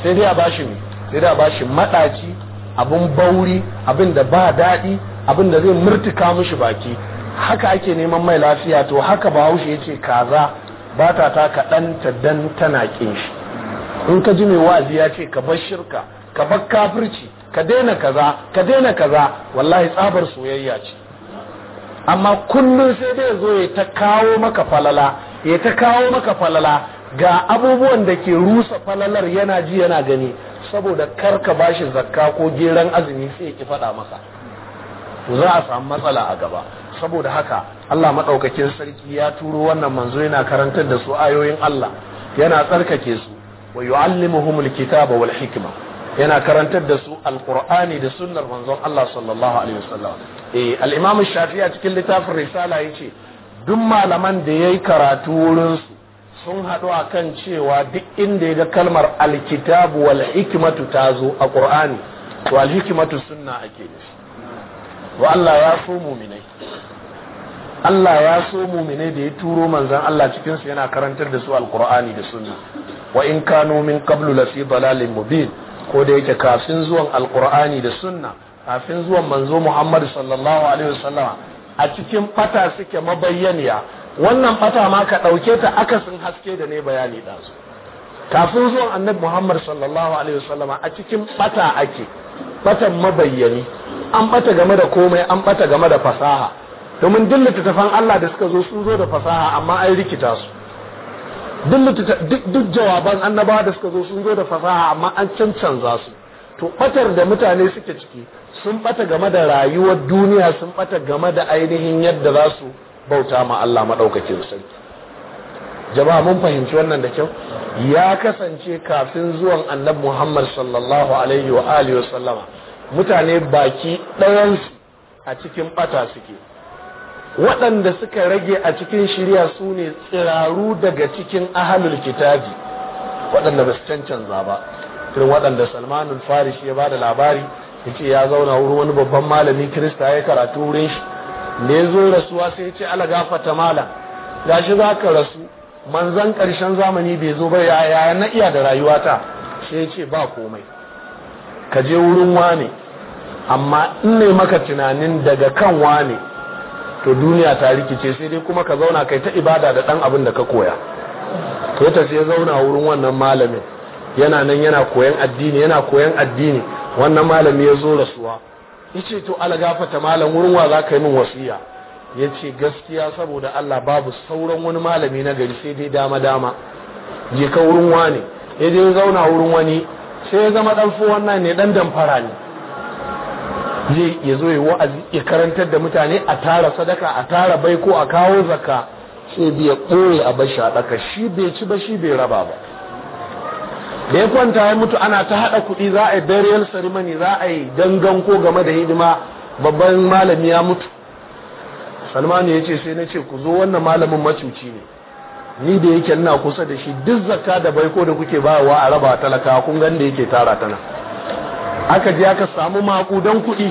sai dai a bashi mai sai dai a bashi maɗaci abin bauri abin da ba daɗi abin da zai murtuka mishi baki haka ake neman mai lafiya to haka bahaushe ya ce kaza ba ta ta ta dan tana ƙin shi in ka ji mai wa'azi ya ce ka bar shirka ka bar kafirci ka daina kaza ka daina kaza wallahi tsabar soyayya ce amma kullum sai dai zo ya ta kawo maka falala ya ta kawo maka falala ga abubuwan da ke rusa falalar yana ji yana gani saboda kar ka bashi zakka ko geran azumi sai ya ki faɗa masa za a samu matsala a gaba saboda haka Allah maɗaukakin sarki ya turo wannan manzo yana karantar da su ayoyin Allah yana tsarkake su wa yu'allimuhumul kitaba wal hikma yana karantar da su alqur'ani da sunnar manzon Allah sallallahu alaihi wasallam eh al-imam a cikin littafin risala yace duk malaman da yayi karatu wurin su sun haɗu a kan cewa duk inda ya ga kalmar alkitabu wal hikmatu ta zo a ƙur'ani to alhikimatu sunna ake nufi to Allah ya so muminai Allah ya so muminai da ya turo manzan Allah cikin su yana karantar da su alqur'ani da sunna wa in kanu min qablu la fi dalalin mubin ko da yake kafin zuwan alqur'ani da sunna kafin zuwan manzo Muhammad sallallahu alaihi wasallama a cikin fata suke mabayyaniya wannan fata ma ka ɗauke ta akasin haske da ne bayani su kafin zuwan annabi muhammad sallallahu alaihi wasallama a cikin fata ake fatan mabayyani an bata game da komai an bata game da fasaha domin duk littattafan Allah da suka zo sun zo da fasaha amma an rikita su duk jawaban annabawa da suka zo sun zo da fasaha amma an cancanza su to batar da mutane suke ciki sun bata game da rayuwar duniya sun bata game da ainihin yadda za su bauta ma Allah maɗaukakin sarki jama'a mun fahimci wannan da kyau ya kasance kafin zuwan annabi Muhammad sallallahu alaihi wa alihi wa sallama mutane baki ɗayansu a cikin ɓata suke waɗanda suka rage a cikin shirya su ne tsiraru daga cikin ahalul kitabi waɗanda ba su cancanza ba irin waɗanda salmanin farish ya ba da labari ya ce ya zauna wurin wani babban malami kirista ya karatu wurin shi ne zo rasuwa sai ya ce ala ta malam shi za ka rasu manzan ƙarshen zamani bai zo ba ya na iya da rayuwata sai ya ce ba komai ka je wurin wane amma in ne maka tunanin daga kan wane to duniya ta rikice sai dai kuma ka zauna kai ta ibada da ɗan abin da ka koya to ta ya zauna wurin wannan malamin yana nan yana koyan addini yana koyan addini wannan malami ya zo rasuwa yace to alagafata malam wurin wa za ka yi min wasiya yace gaskiya saboda Allah babu sauran wani malami na gari sai dai dama dama je ka wurin wani sai dai zauna wurin wani sai ya zama dan fuwan nan ne dan damfara ne zai ya zo ya wa'azi ya karantar da mutane a tara sadaka a tara bai ko a kawo zaka, sai biya ɓoye a bashi a ɗaka shi bai ci ba shi bai raba ba da ya kwanta ya mutu ana ta haɗa kuɗi za a yi burial ceremony za a yi dangan ko game da hidima babban malami ya mutu salmanu ya ce sai na ce ku zo wannan malamin macuci ne ni da yake ina kusa da shi duk zakka da baiko da kuke bawa a raba talaka kun gan da yake tara ta nan. aka je aka samu makudan kuɗi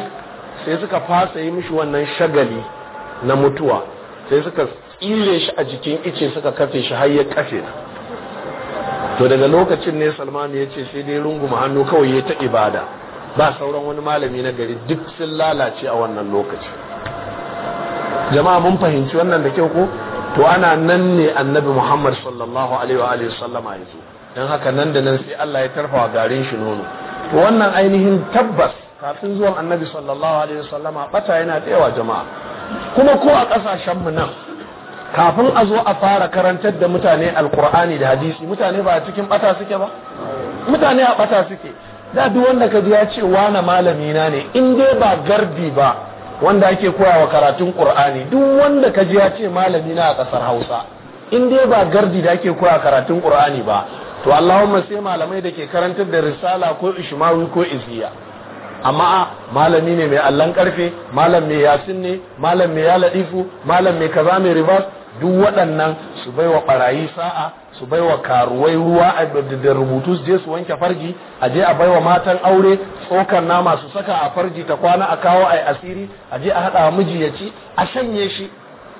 sai suka fasa yi mishi wannan shagali na mutuwa sai suka tsire shi a jikin ice suka kafe shi har ya kafe to daga lokacin ne salmanu ya ce sai dai runguma hannu kawai ya ta ibada ba sauran wani malami na gari duk sun lalace a wannan lokaci jama'a mun fahimci wannan da kyau ko to ana nan ne annabi muhammad sallallahu alaihi wa sallama ya zo don haka nan da nan sai allah ya tarfa garin shi nono to wannan ainihin tabbas kafin zuwan annabi sallallahu alaihi wasallama bata yana tsayawa jama'a kuma ko a kasashen mu nan kafin a zo a fara karantar da mutane alkur'ani da hadisi mutane ba cikin bata suke ba mutane a bata suke da duk wanda ka ya ce wane malami na ne in dai ba gardi ba wanda ake koya karatun qur'ani duk wanda ka ji ya ce malami na a kasar hausa in dai ba gardi da ake koya karatun qur'ani ba to Allahumma sai malamai da ke karantar da risala ko ishmawi ko isiya amma malami ne mai allon karfe malam mai yasin ne malam mai ya ladifu malam mai kaza mai ribas duk waɗannan su bai wa ɓarayi sa'a su bai wa karuwai ruwa a da rubutu su je su wanke farji a je a bai wa matan aure tsokan nama su saka a farji ta kwana a kawo a asiri a je a haɗa miji ya ci a shanye shi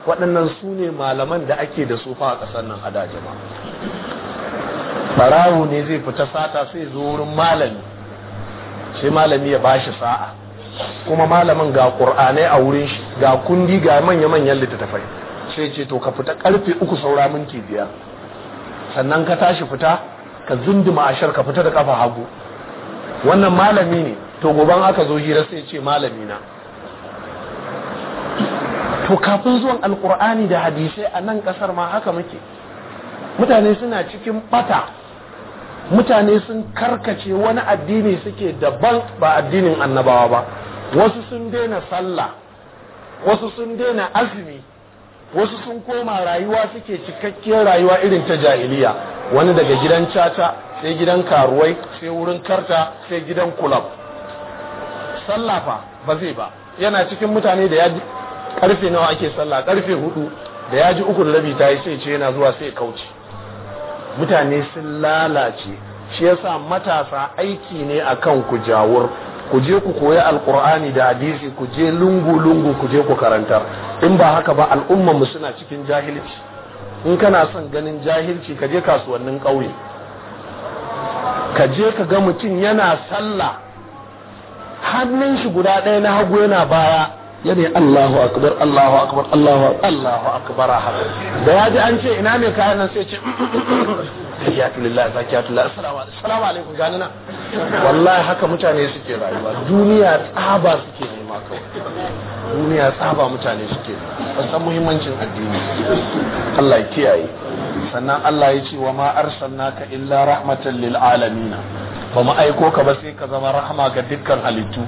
waɗannan su ne malaman da ake da su fa a ƙasar nan hada jama'a barawo ne zai fita sata sai zo wurin malami sai malami ya bashi sa'a kuma malamin ga ƙur'anai a wurin shi ga kundi ga manya-manyan littattafai sai ce to ka fita karfe uku saura minti biyar sannan ka tashi fita ka zunduma ashar ka fita da kafa hagu wannan malami ne to goban aka zo hira sai ce malami na to kafin zuwan alkur'ani da hadisai a nan kasar ma haka muke mutane suna cikin bata mutane sun karkace wani addini suke daban ba addinin annabawa ba wasu sun daina sallah wasu sun daina azumi wasu sun koma rayuwa suke cikakkiyar rayuwa irin ta jahiliya wani daga gidan caca sai gidan karuwai sai wurin karta sai gidan kulab sallah fa ba zai ba yana cikin mutane da ya ji karfe nawa ake sallah karfe hudu da ya ji ukun rabi ta yi sai ce yana zuwa sai kauce mutane sun lalace shi yasa matasa aiki ne akan ku jawur ku je ku koyi alkur'ani da hadisi ku je lungu lungu ku je ku karantar in ba haka ba al'ummar mu suna cikin jahilci in kana son ganin jahilci ka je kasuwannin ƙauye ka je ka ga mutum yana sallah hannun shi guda ɗaya na hagu yana baya yana Allahu akbar Allahu akbar Allahu Allahu akbar haka da ya ji an ce ina mai kayan nan sai ce tahiyatu lillahi zakiyatu lillahi assalamu alaikum gani na wallahi haka mutane suke rayuwa duniya tsaba suke nema kawai duniya tsaba mutane suke ba san muhimmancin addini Allah ya kiyaye sannan Allah ya ce wa ma arsalnaka illa rahmatan lil alamin ba mu aiko ka ba sai ka zama rahama ga dukkan halittu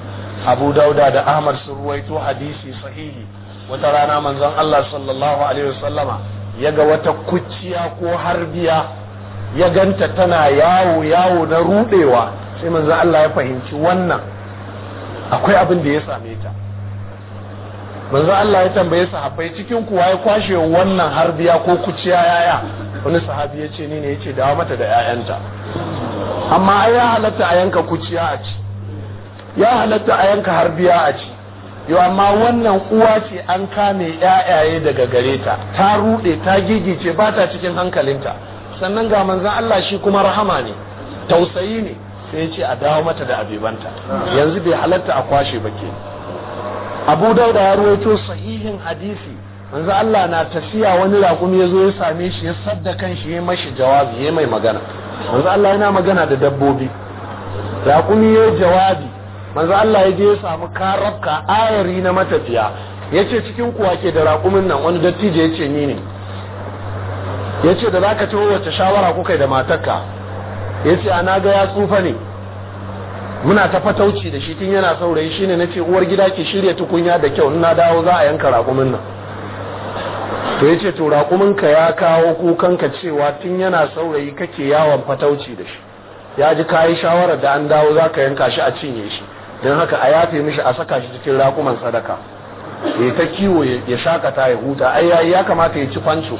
abu dauda da ahmad sun ruwaito hadisi sahihi wata rana manzon allah sallallahu alaihi wasallama ya ga wata kuciya ko harbiya ya ganta tana yawo yawo na rudewa sai manzon allah ya fahimci wannan akwai abin da ya same ta manzon Allah ya tambaye sahabbai cikin kuwa ya kwashe wannan harbiya ko kuciya yaya wani sahabi ya ce ni ne ya ce dawo mata da 'ya'yanta amma ai ya halatta a yanka kuciya a ci ya halatta a yanka har biya a ci yau amma wannan uwa ce an kame yayaye daga gare ta ta rude, ta gigice ba ta cikin hankalinta sannan ga manzan Allah shi kuma rahama ne tausayi ne sai ce a dawo mata da abibanta yanzu bai halatta a kwashe ba ke abu dauda ya ruwaito sahihin hadisi manzo Allah na tafiya wani raƙumi ya zo ya same shi ya sadda kan shi ya mashi jawabi ya mai magana manzo Allah yana magana da dabbobi raƙumi ya jawabi manzo Allah ya je ya samu karabka ayari na matafiya ce cikin kuwa ke da raƙumin nan wani dattijo ce ni ne Ya ce da zaka ci wace shawara kuka yi da matarka ce ana ga ya tsufa ne muna ta fatauci da shi tun yana saurayi shine nace uwar gida ke shirya tukunya da kyau in dawo za a yanka raƙumin nan to ya ce to raƙumin ka ya kawo kukan ka cewa tun yana saurayi kake yawon fatauci da shi ya ji kayi shawarar da an dawo za ka yanka shi a cinye shi don haka a yafe mishi a saka shi cikin rakuman sadaka ya ta kiwo ya shakata ya huta ai ya kamata ya ci kwanco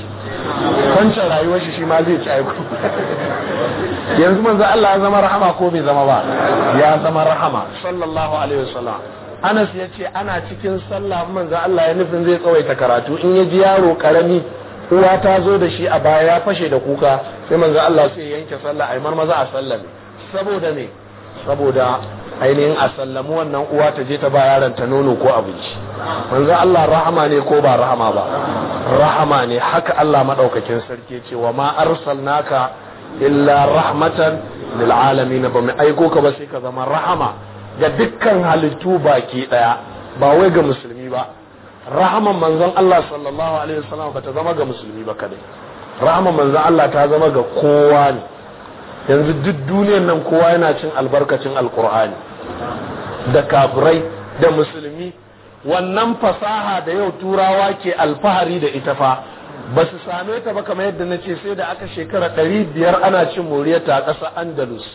kwancin rayuwar shi shi ma zai ci aiko yanzu manzo Allah ya zama rahama ko bai zama ba ya zama rahama sallallahu alaihi wasallam Anas ya ce ana cikin sallah manzo Allah ya nufin zai tsawaita karatu in ya ji yaro karami uwa ta zo da shi a baya ya fashe da kuka sai manzo Allah sai yanke sallah ai maza a sallah saboda ne saboda ainihin a sallamu wannan uwa ta je ta ba yaron ta nono ko abinci manzo Allah rahama ne ko ba rahama ba rahama ne haka Allah madaukakin sarki ce wa ma naka illa rahmatan lil alamin ba mai aiko ka ba sai ka zama rahama ga dukkan halittu baki ɗaya. ba wai ga musulmi ba rahaman manzon Allah sallallahu alaihi wasallam ba ta zama ga musulmi ba kadai rahaman manzon Allah ta zama ga kowa ne yanzu duk duniyan nan kowa yana cin albarkacin alkur'ani da kafirai da musulmi wannan fasaha da yau turawa ke alfahari da ita fa ba su same ta ba kamar yadda na ce sai da aka shekara ɗari biyar ana cin moriyarta a ƙasar andalus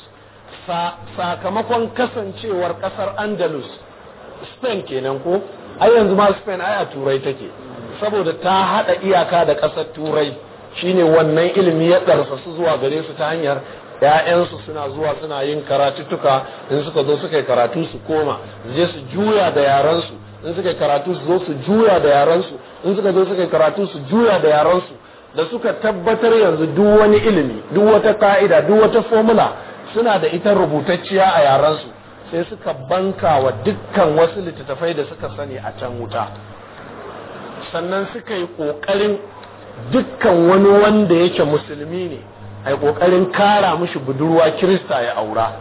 sakamakon kasancewar ƙasar andalus spain kenan ko ai yanzu ma spain ai a turai take saboda ta haɗa iyaka da ƙasar turai shine wannan ilimi ya ɗarsa su zuwa gare su ta hanyar ‘ya'yansu suna zuwa suna yin karatuttuka in suka zo suka karatu su koma je su juya da yaransu in suka yi karatu su zo su juya da yaransu in suka zo suka karatu su juya da yaransu da suka tabbatar yanzu duk wani ilimi duk wata ka'ida duk wata formula suna da ita rubutacciya a yaransu sai suka banka wa dukkan wasu littattafai da suka sani a can wuta sannan suka yi ƙoƙarin dukkan wani wanda yake musulmi ne ai kokarin kara mushi budurwa kirista ya aura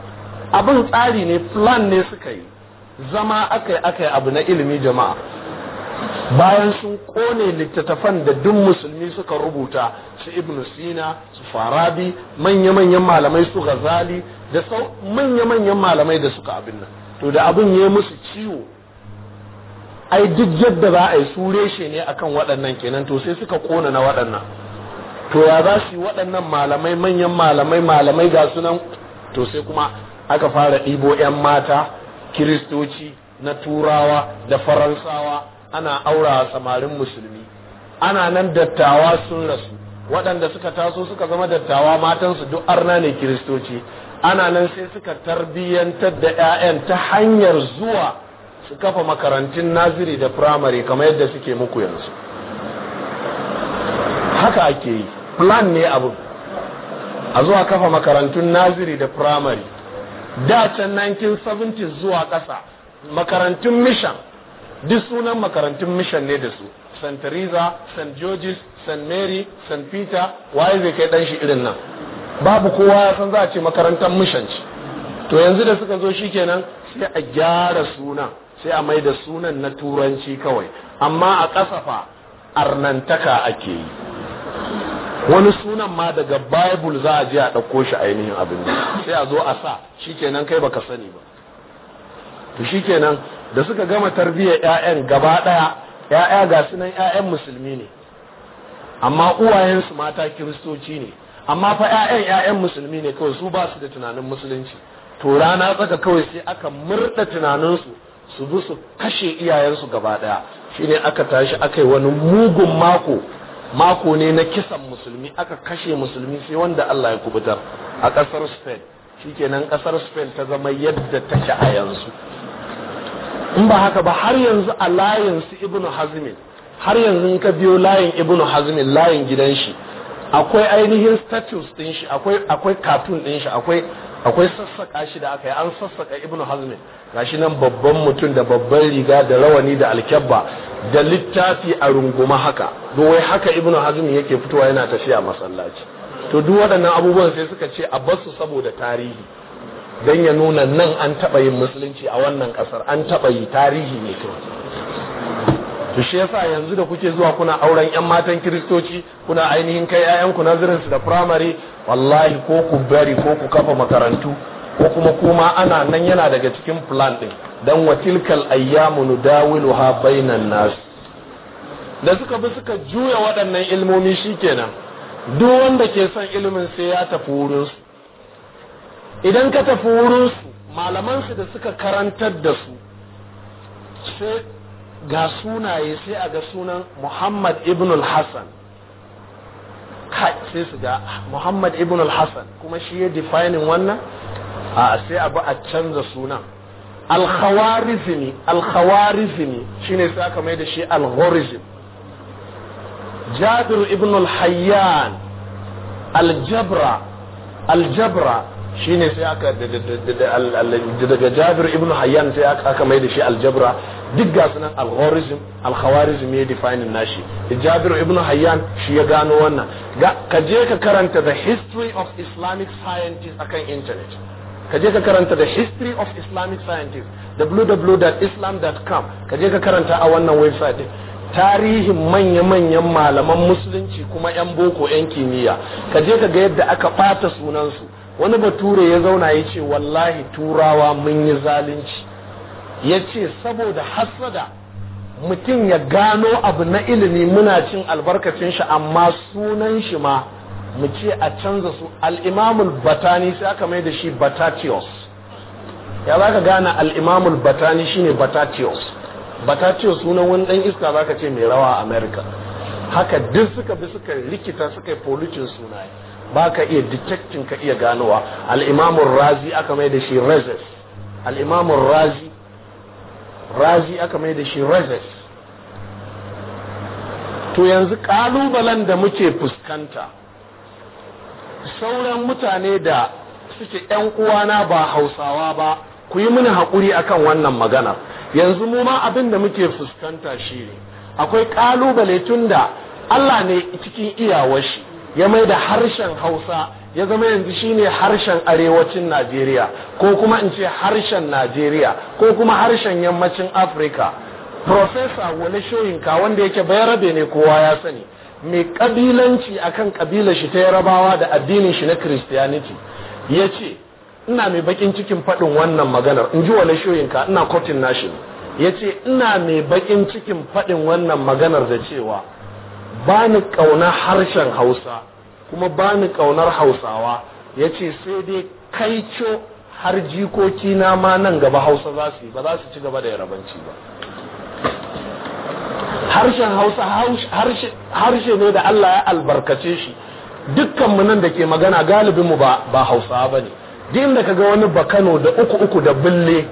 abin tsari ne plan ne suka yi zama akai akai abu na ilimi jama'a bayan sun kone littattafan da duk musulmi suka rubuta su ibn sina su farabi manya-manyan malamai su ghazali da sau manya-manyan malamai da suka abin nan to da abin ya musu ciwo ai duk yadda za a yi su reshe ne akan waɗannan kenan to sai suka kona na waɗannan to ya za su yi waɗannan malamai manyan malamai malamai ga sunan to sai kuma aka fara ɗibo 'yan mata kiristoci na turawa da faransawa ana aura samarin musulmi ana nan dattawa sun rasu waɗanda suka taso suka zama dattawa matansu duk arna ne kiristoci ana nan sai suka tarbiyyantar da 'ya'yan ta hanyar zuwa su kafa makarantun naziri da firamare kamar yadda suke muku yanzu haka ake yi plan ne abu a zuwa kafa makarantun naziri da primary da can 1970 zuwa ƙasa makarantun mission duk sunan makarantun mission ne da su st teresa st george's st mary st peter waye zai kai dan shi irin nan babu kowa ya san za a ce makarantar mission ce to yanzu da suka zo shi shikenan sai a gyara sunan sai a mai da sunan na turanci kawai amma a ƙasafa arnantaka ake yi wani sunan ma daga bible za a je a ɗauko shi ainihin abin da sai a zo a sa kenan kai baka sani ba to kenan da suka gama tarbiyyar ƴaƴan gaba ɗaya 'ya'ya ga sunan ƴaƴan musulmi ne amma uwayensu mata kiristoci ne amma fa ƴaƴan ƴaƴan musulmi ne kawai su ba su da tunanin musulunci to rana tsaka kawai sai aka murda tunaninsu su bi su kashe iyayensu gaba ɗaya shine aka tashi aka yi wani mugun mako mako ne na kisan musulmi aka kashe musulmi sai wanda Allah ya kubutar a ƙasar Spain shikenan ƙasar Spain ta zama yadda take a yanzu in ba haka ba har yanzu a layin su Ibn Hazmin har yanzu in ka biyo layin Ibn Hazmin layin gidan shi akwai ainihin status din shi akwai akwai cartoon din shi akwai akwai sassaka shi da aka yi an sassaka ibnu hazmi gashi nan babban mutum da babban riga da rawani da alkyabba da littafi a runguma haka wai haka ibnu hazmin yake fitowa yana tafiya masallaci to duk waɗannan abubuwan sai suka ce a basu saboda tarihi don ya nuna nan an taɓa yin musulunci a wannan ƙasar an taɓa yi tarihi ne to to shi yasa yanzu da kuke zuwa kuna auren yan matan kiristoci kuna ainihin kai yayan ku nazirin su da primary wallahi ko ku bari ko ku kafa makarantu ko kuma kuma ana nan yana daga cikin plan din dan tilkal ayyamu nudawiluha bainan nas da suka bi suka juya waɗannan ilmomi shikenan duk wanda ke son ilimin sai ya tafi wurin su idan ka tafi wurin su malaman su da suka karantar da su sai ga sunaye sai a ga sunan muhammad ibn al-hassan sai su ga muhammad ibn al-hassan kuma shi ya defining wannan a sai abu a canza sunan al-khawarizmi al-khawarizmi shine sai aka mai da shi al-ghorizm jabir ibn al-hayyan al-jabra al-jabra shine sai aka daga jabir ibn hayyan sai aka mai da shi al-jabra duk ga sunan alghorism alkhawarizm ya define nashi jabiru ibn hayyan shi ya gano wannan ka je ka karanta the history of islamic scientists akan internet ka je ka karanta the history of islamic scientists www.islam.com ka je ka karanta a wannan website tarihin manya-manyan malaman musulunci kuma 'yan boko 'yan kimiyya ka je ka ga yadda aka ɓata sunansu wani bature ya zauna ya ce wallahi turawa mun yi zalunci ya ce saboda hasada mutum ya gano abu na ilimi muna cin albarkacin shi amma sunan shi ma mu ce a canza su al'imamul batani sai aka mai da shi batatios ya za ka gane al'imamul batani shine batatios batatios sunan wani dan iska za ka ce mai rawa a america haka duk suka bi suka rikita suka yi policin sunaye ba ka iya detecting ka iya ganowa al'imamun razi aka mai da shi rezes al’imamul razi razi aka mai da shi razes to yanzu kalubalen da muke fuskanta sauran mutane da suke yan uwana ba hausawa ba ku yi mini haƙuri akan wannan magana yanzu mu ma abin da muke fuskanta shi ne akwai kalubale tun da allah ne cikin iyawashi ya mai da harshen hausa ya zama yanzu shine harshen arewacin najeriya ko kuma in ce harshen najeriya ko kuma harshen yammacin afirka profesa wani shoyinka wanda yake bayarabe ne kowa ya sani mai kabilanci akan kabila shi ta yarabawa da addinin shi na christianity ya ce ina mai bakin cikin faɗin wannan maganar in ji wani shoyinka ina kotun nashi ya ce ina mai bakin cikin faɗin wannan maganar da cewa ba ni ƙauna harshen hausa kuma ba ni ƙaunar hausawa ya ce sai dai kai co har jikoki na ma nan gaba hausa za su yi ba za su ci gaba da yarabanci ba harshen hausa harshe ne da allah ya albarkace shi dukkanmu nan da ke magana galibinmu ba hausawa ba ne din da kaga wani bakano da uku uku da bille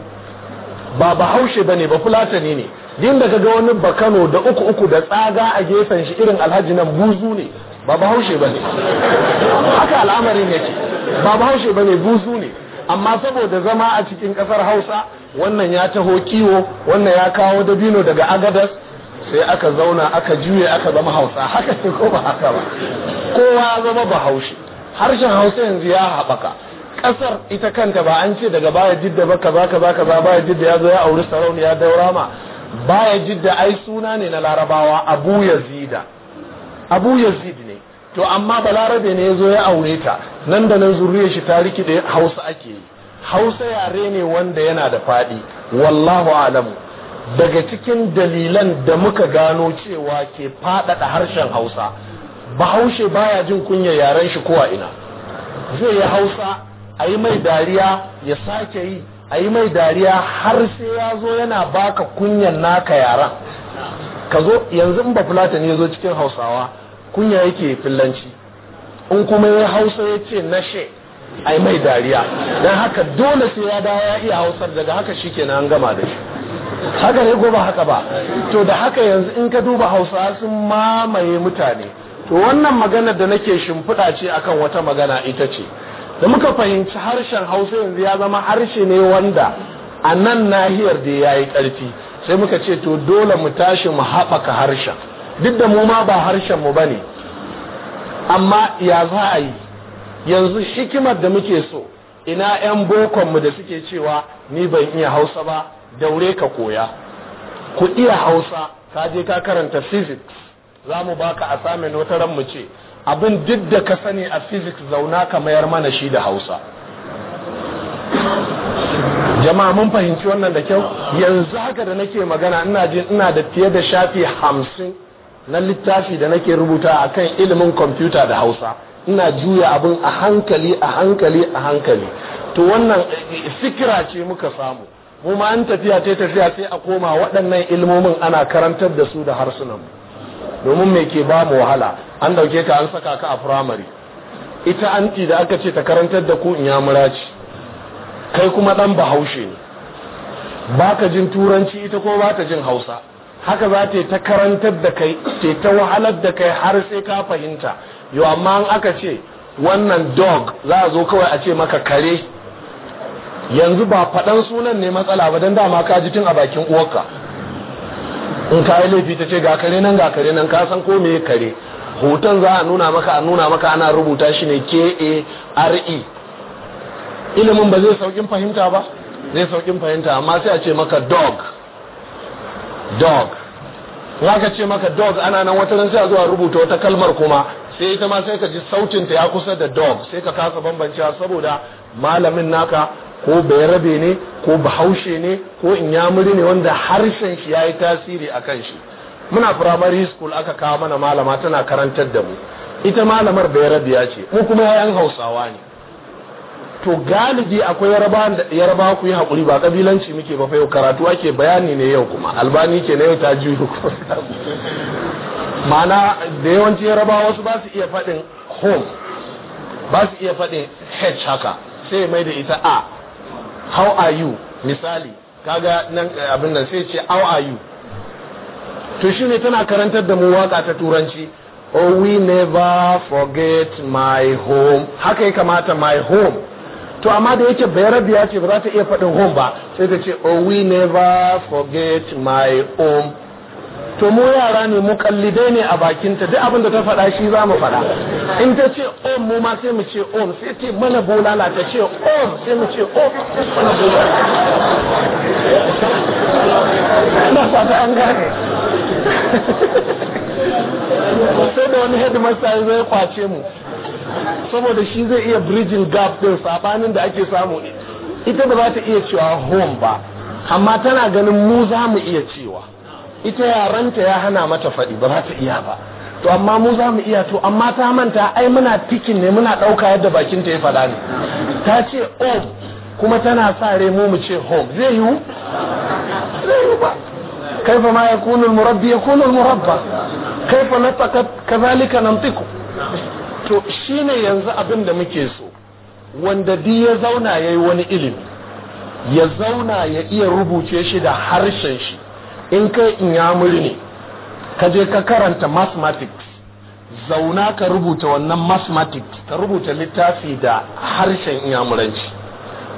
ba bahaushe ba ne ba fulatani ne din da kaga wani bakano da uku uku da tsaga a gefen shi irin alhaji nan buzu ne ba bahaushe ba ne haka al'amarin yake ba bahaushe ba ne buzu ne amma saboda zama a cikin kasar hausa wannan ya taho kiwo wannan ya kawo dabino daga agadas sai aka zauna aka juye aka zama hausa haka ne ko ba haka ba kowa ya zama bahaushe harshen hausa yanzu ya haɓaka kasar ita kanta ba an ce daga baya jidda ba kaza kaza kaza baya jidda ya zo ya auri sarauniya daura ma baya jidda ai suna ne na larabawa abu yazida abu yazid to amma balarabe ne ya zo ya aure ta nan da nan zuriyar shi ta rikide hausa ake yi hausa yare ne wanda yana da faɗi wallahu alamu daga cikin dalilan da muka gano cewa ke faɗaɗa harshen hausa bahaushe baya jin kunya yaren shi ko a ina zai yi hausa a yi mai dariya ya sake yi a yi mai dariya har sai ya zo yana baka kunyan naka yaren. ka zo yanzu in ba fulatani ya zo cikin hausawa kunya yake fillanci in kuma ya hausa ya ce na she ai mai dariya don haka dole sai ya dawo ya iya hausar daga haka shi ke an gama da shi haka ne ko ba haka ba to da haka yanzu in ka duba hausa sun mamaye mutane to wannan maganar da nake shimfiɗa ce akan wata magana ita ce da muka fahimci harshen hausa yanzu ya zama harshe ne wanda a nan nahiyar da ya yi ƙarfi sai muka ce to dole mu tashi mu haɓaka harshen duk da mu ma ba harshen mu bane amma ya za a yi yanzu hikimar da muke so ina 'yan bokon mu da suke cewa ni ban iya hausa ba daure ka koya ku iya hausa ka je ka karanta physics za mu baka a samun notaran mu ce abin duk da ka sani a physics zauna ka mayar mana shi da hausa jama'a mun fahimci wannan da kyau yanzu haka da nake magana ina jin ina da fiye da shafi hamsin na littafi da nake rubuta a kan ilimin kwamfuta da hausa ina juya abin a hankali a hankali a hankali to wannan eh, fikira ce muka samu mu ma an tafiya ta tafiya sai a koma waɗannan ilmomin ana karantar da su da harsunan domin me ke ba mu wahala an dauke ka an saka ka a firamare ita anti da aka ce ta karantar da ku inyamura ce kai kuma ɗan bahaushe ne baka jin turanci ita ko ba ta jin hausa haka za ta ta karantar da kai ta ta wahalar da kai har sai ka fahimta yau amma an aka ce wannan dog za a zo kawai a ce maka kare yanzu ba faɗan sunan ne matsala ba don dama ka ji tun a bakin uwarka in ka yi laifi ta ce ga kare nan ga kare nan ka san ko me kare hoton za a nuna maka a nuna maka ana rubuta shi ne k a r e ilimin ba zai saukin fahimta ba zai saukin fahimta amma sai a ce maka dog dog za ka ce maka dog ana nan wata ran sai zuwa rubuta wata kalmar kuma sai ita ma sai ka ji sautin ta ya kusa da dog sai ka kasa bambancewa saboda malamin naka ko bayarabe ne ko bahaushe ne ko in inyamuri ne wanda harshen shi ya yi tasiri a kan shi muna primary school aka kawo mana malama tana karantar da mu ita malamar ya ce mu kuma yayan hausawa ne to galibi akwai yarabawan da yarabawa ku yi hakuri ba kabilanci muke ba yau karatu ake bayani ne yau kuma albani ke na yau ta juyo ma'ana da yawanci yarabawa wasu ba su iya faɗin home ba su iya faɗin h haka sai mai da ita a how are you misali kaga nan eh, abin nan sai ce how are you to shine tana karantar da mu waka ta turanci oh we never forget my home haka ya kamata my home to amma da yake bayarabiya ce ba za ta iya faɗin home ba sai ta ce oh we never forget my home to mu yara ne mu kallidai ne a bakinta duk abin da ta faɗa shi za mu faɗa in ta ce om mu ma sai mu ce om sai ce mana bolala ta ce om sai mu ce om mana bolala na fata an gane sai da wani headmaster ya zai kwace mu saboda shi zai iya bridging gap din sabanin da ake samu ita ba za ta iya cewa home ba amma tana ganin mu za mu iya cewa ita yaranta ya hana mata faɗi ba za ta iya ba to amma mu za mu iya to amma ta manta ai muna tikin ne muna ɗauka yadda bakin ta ya faɗa ne ta ce om kuma tana sa rai mu mu ce home zai yiwu zai yiwu ba كيف murabbi يكون المربي murabba kai fa نطق kazalika ننطق to shi ne yanzu abin da muke so wanda di ya zauna ya yi wani ilimi ya zauna ya iya rubuce shi da harshen shi in kai inyamuri ne ka je ka karanta mathematics zauna ka rubuta wannan mathematics ka rubuta littafi da harshen inyamuranci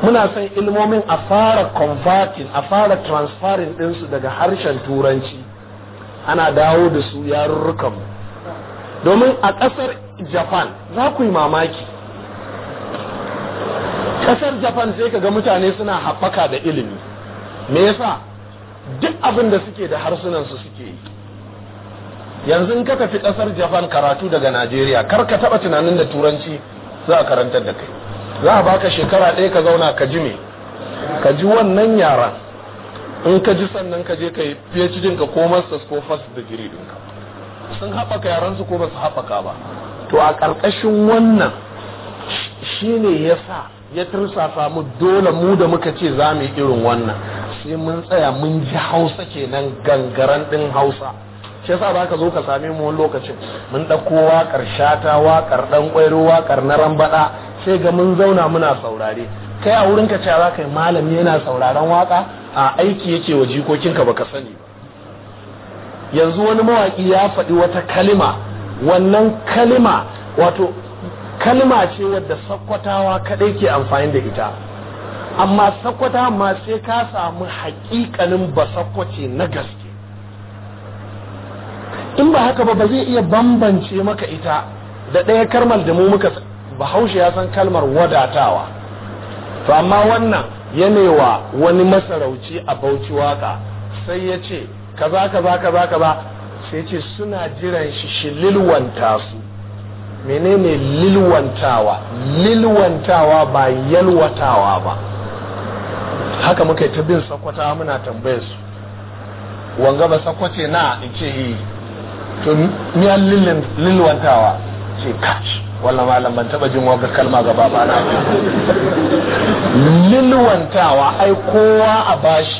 muna son ilmomin a fara converting a fara transferring ɗinsu daga harshen turanci ana dawo da su yarurrukanmu domin a ƙasar japan za ku yi mamaki ƙasar japan sai ka ga mutane suna haɓaka da ilimi me yasa duk abin da suke da harsunansu suke yi yanzu ka tafi ƙasar japan karatu daga najeriya kar ka taɓa tunanin da turanci za a karantar da kai za a baka shekara ɗaya ka zauna ka ji me ka ji wannan yaran in ka ji sannan ka je ka yi phd ka ko masters ko first degree ɗinka sun haɓaka yaransu ko ba su haɓaka ba to a ƙarƙashin wannan shi ne ya sa ya tursasa mu dole mu da muka ce za mu yi irin wannan sai mun tsaya mun ji hausa kenan gangaran ɗin hausa shi yasa za ka zo ka sami mu wani lokacin mun ɗauko waƙar shata waƙar ɗan ƙwairo waƙar na rambaɗa sai ga mun zauna muna saurare kai a wurinka ce za ka yi malami yana sauraren waƙa a aiki yake wa jikokinka ka sani ba yanzu wani mawaƙi ya faɗi wata kalima wannan kalima wato kalima ce wadda sakwatawa kaɗai ke amfani da ita amma sakwata ma sai ka samu haƙiƙanin ba sakwace na gaske in ba haka ba ba zai iya bambance maka ita da ɗaya karmal da mu muka bahaushe ya san kalmar wadatawa to amma wannan yanewa wani masarauci a bauchi waka sai ya ce kaza kaza kaza kaza sai ce suna jiran shi shi lilwanta su menene lilwantawa lilwantawa ba yalwatawa ba haka muka ta bin sakwata muna tambayar su wanga ba sakwace na in ce yi eh. to miya lilwantawa ce kaci wallan malam ban taba jin wanga kalma gaba ba na lilwantawa ai kowa a bashi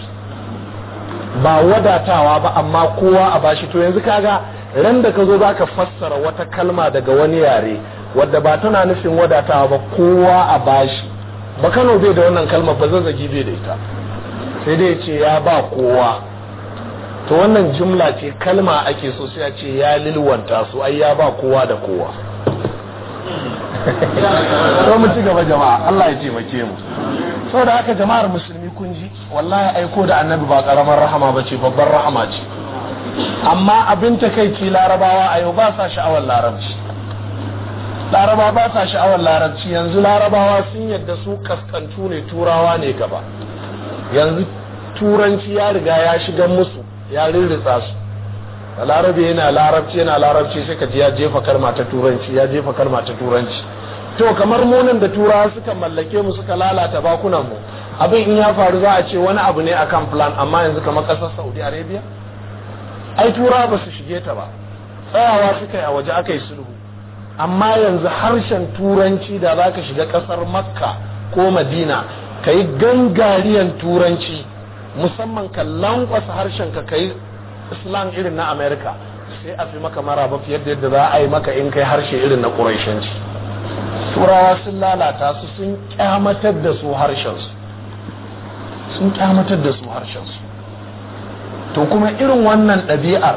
ba wadatawa ba amma kowa a bashi to yanzu kaga ran da ka zo za ka fassara wata kalma daga wani yare wadda ba tana nufin wadatawa ba kowa a bashi ba kano bai da wannan kalmar ba zazzagi bai da ita sai dai ce ya ba kowa to wannan jumla ce kalma ake so sai a ce ya lilwanta su ai ya ba kowa da kowa to mu ci gaba jama'a Allah ya taimake mu saboda haka jama'ar musulmi kun ji wallahi aiko da annabi ba karamar rahama ba ce babbar rahama ce amma abin takaici larabawa a yau ba sa sha'awar larabci laraba ba sa sha'awar larabci yanzu larabawa sun yadda su kaskantu ne turawa ne gaba yanzu turanci ya riga ya shiga musu ya rirritsa su larabi yana larabci yana larabci sai ka ji ya jefa kalma ta turanci ya jefa kalma ta turanci to kamar munan da turawa suka mallake mu suka lalata bakunan mu abin in ya faru za a ce wani abu ne akan plan amma yanzu kamar kasar saudi arabia ai turawa ba su shige ta ba tsayawa suka yi a waje aka yi sulhu amma yanzu harshen turanci da za ka shiga kasar makka ko madina ka yi gangariyan turanci musamman ka lankwasa harshen ka yi slang irin na america sai a fi maka maraba fiye da yadda za a yi maka in kai harshe irin na ƙuraishanci turawa sun lalata su sun kyamatar da su harshensu sun kyamatar da su harshensu to kuma irin wannan ɗabi'ar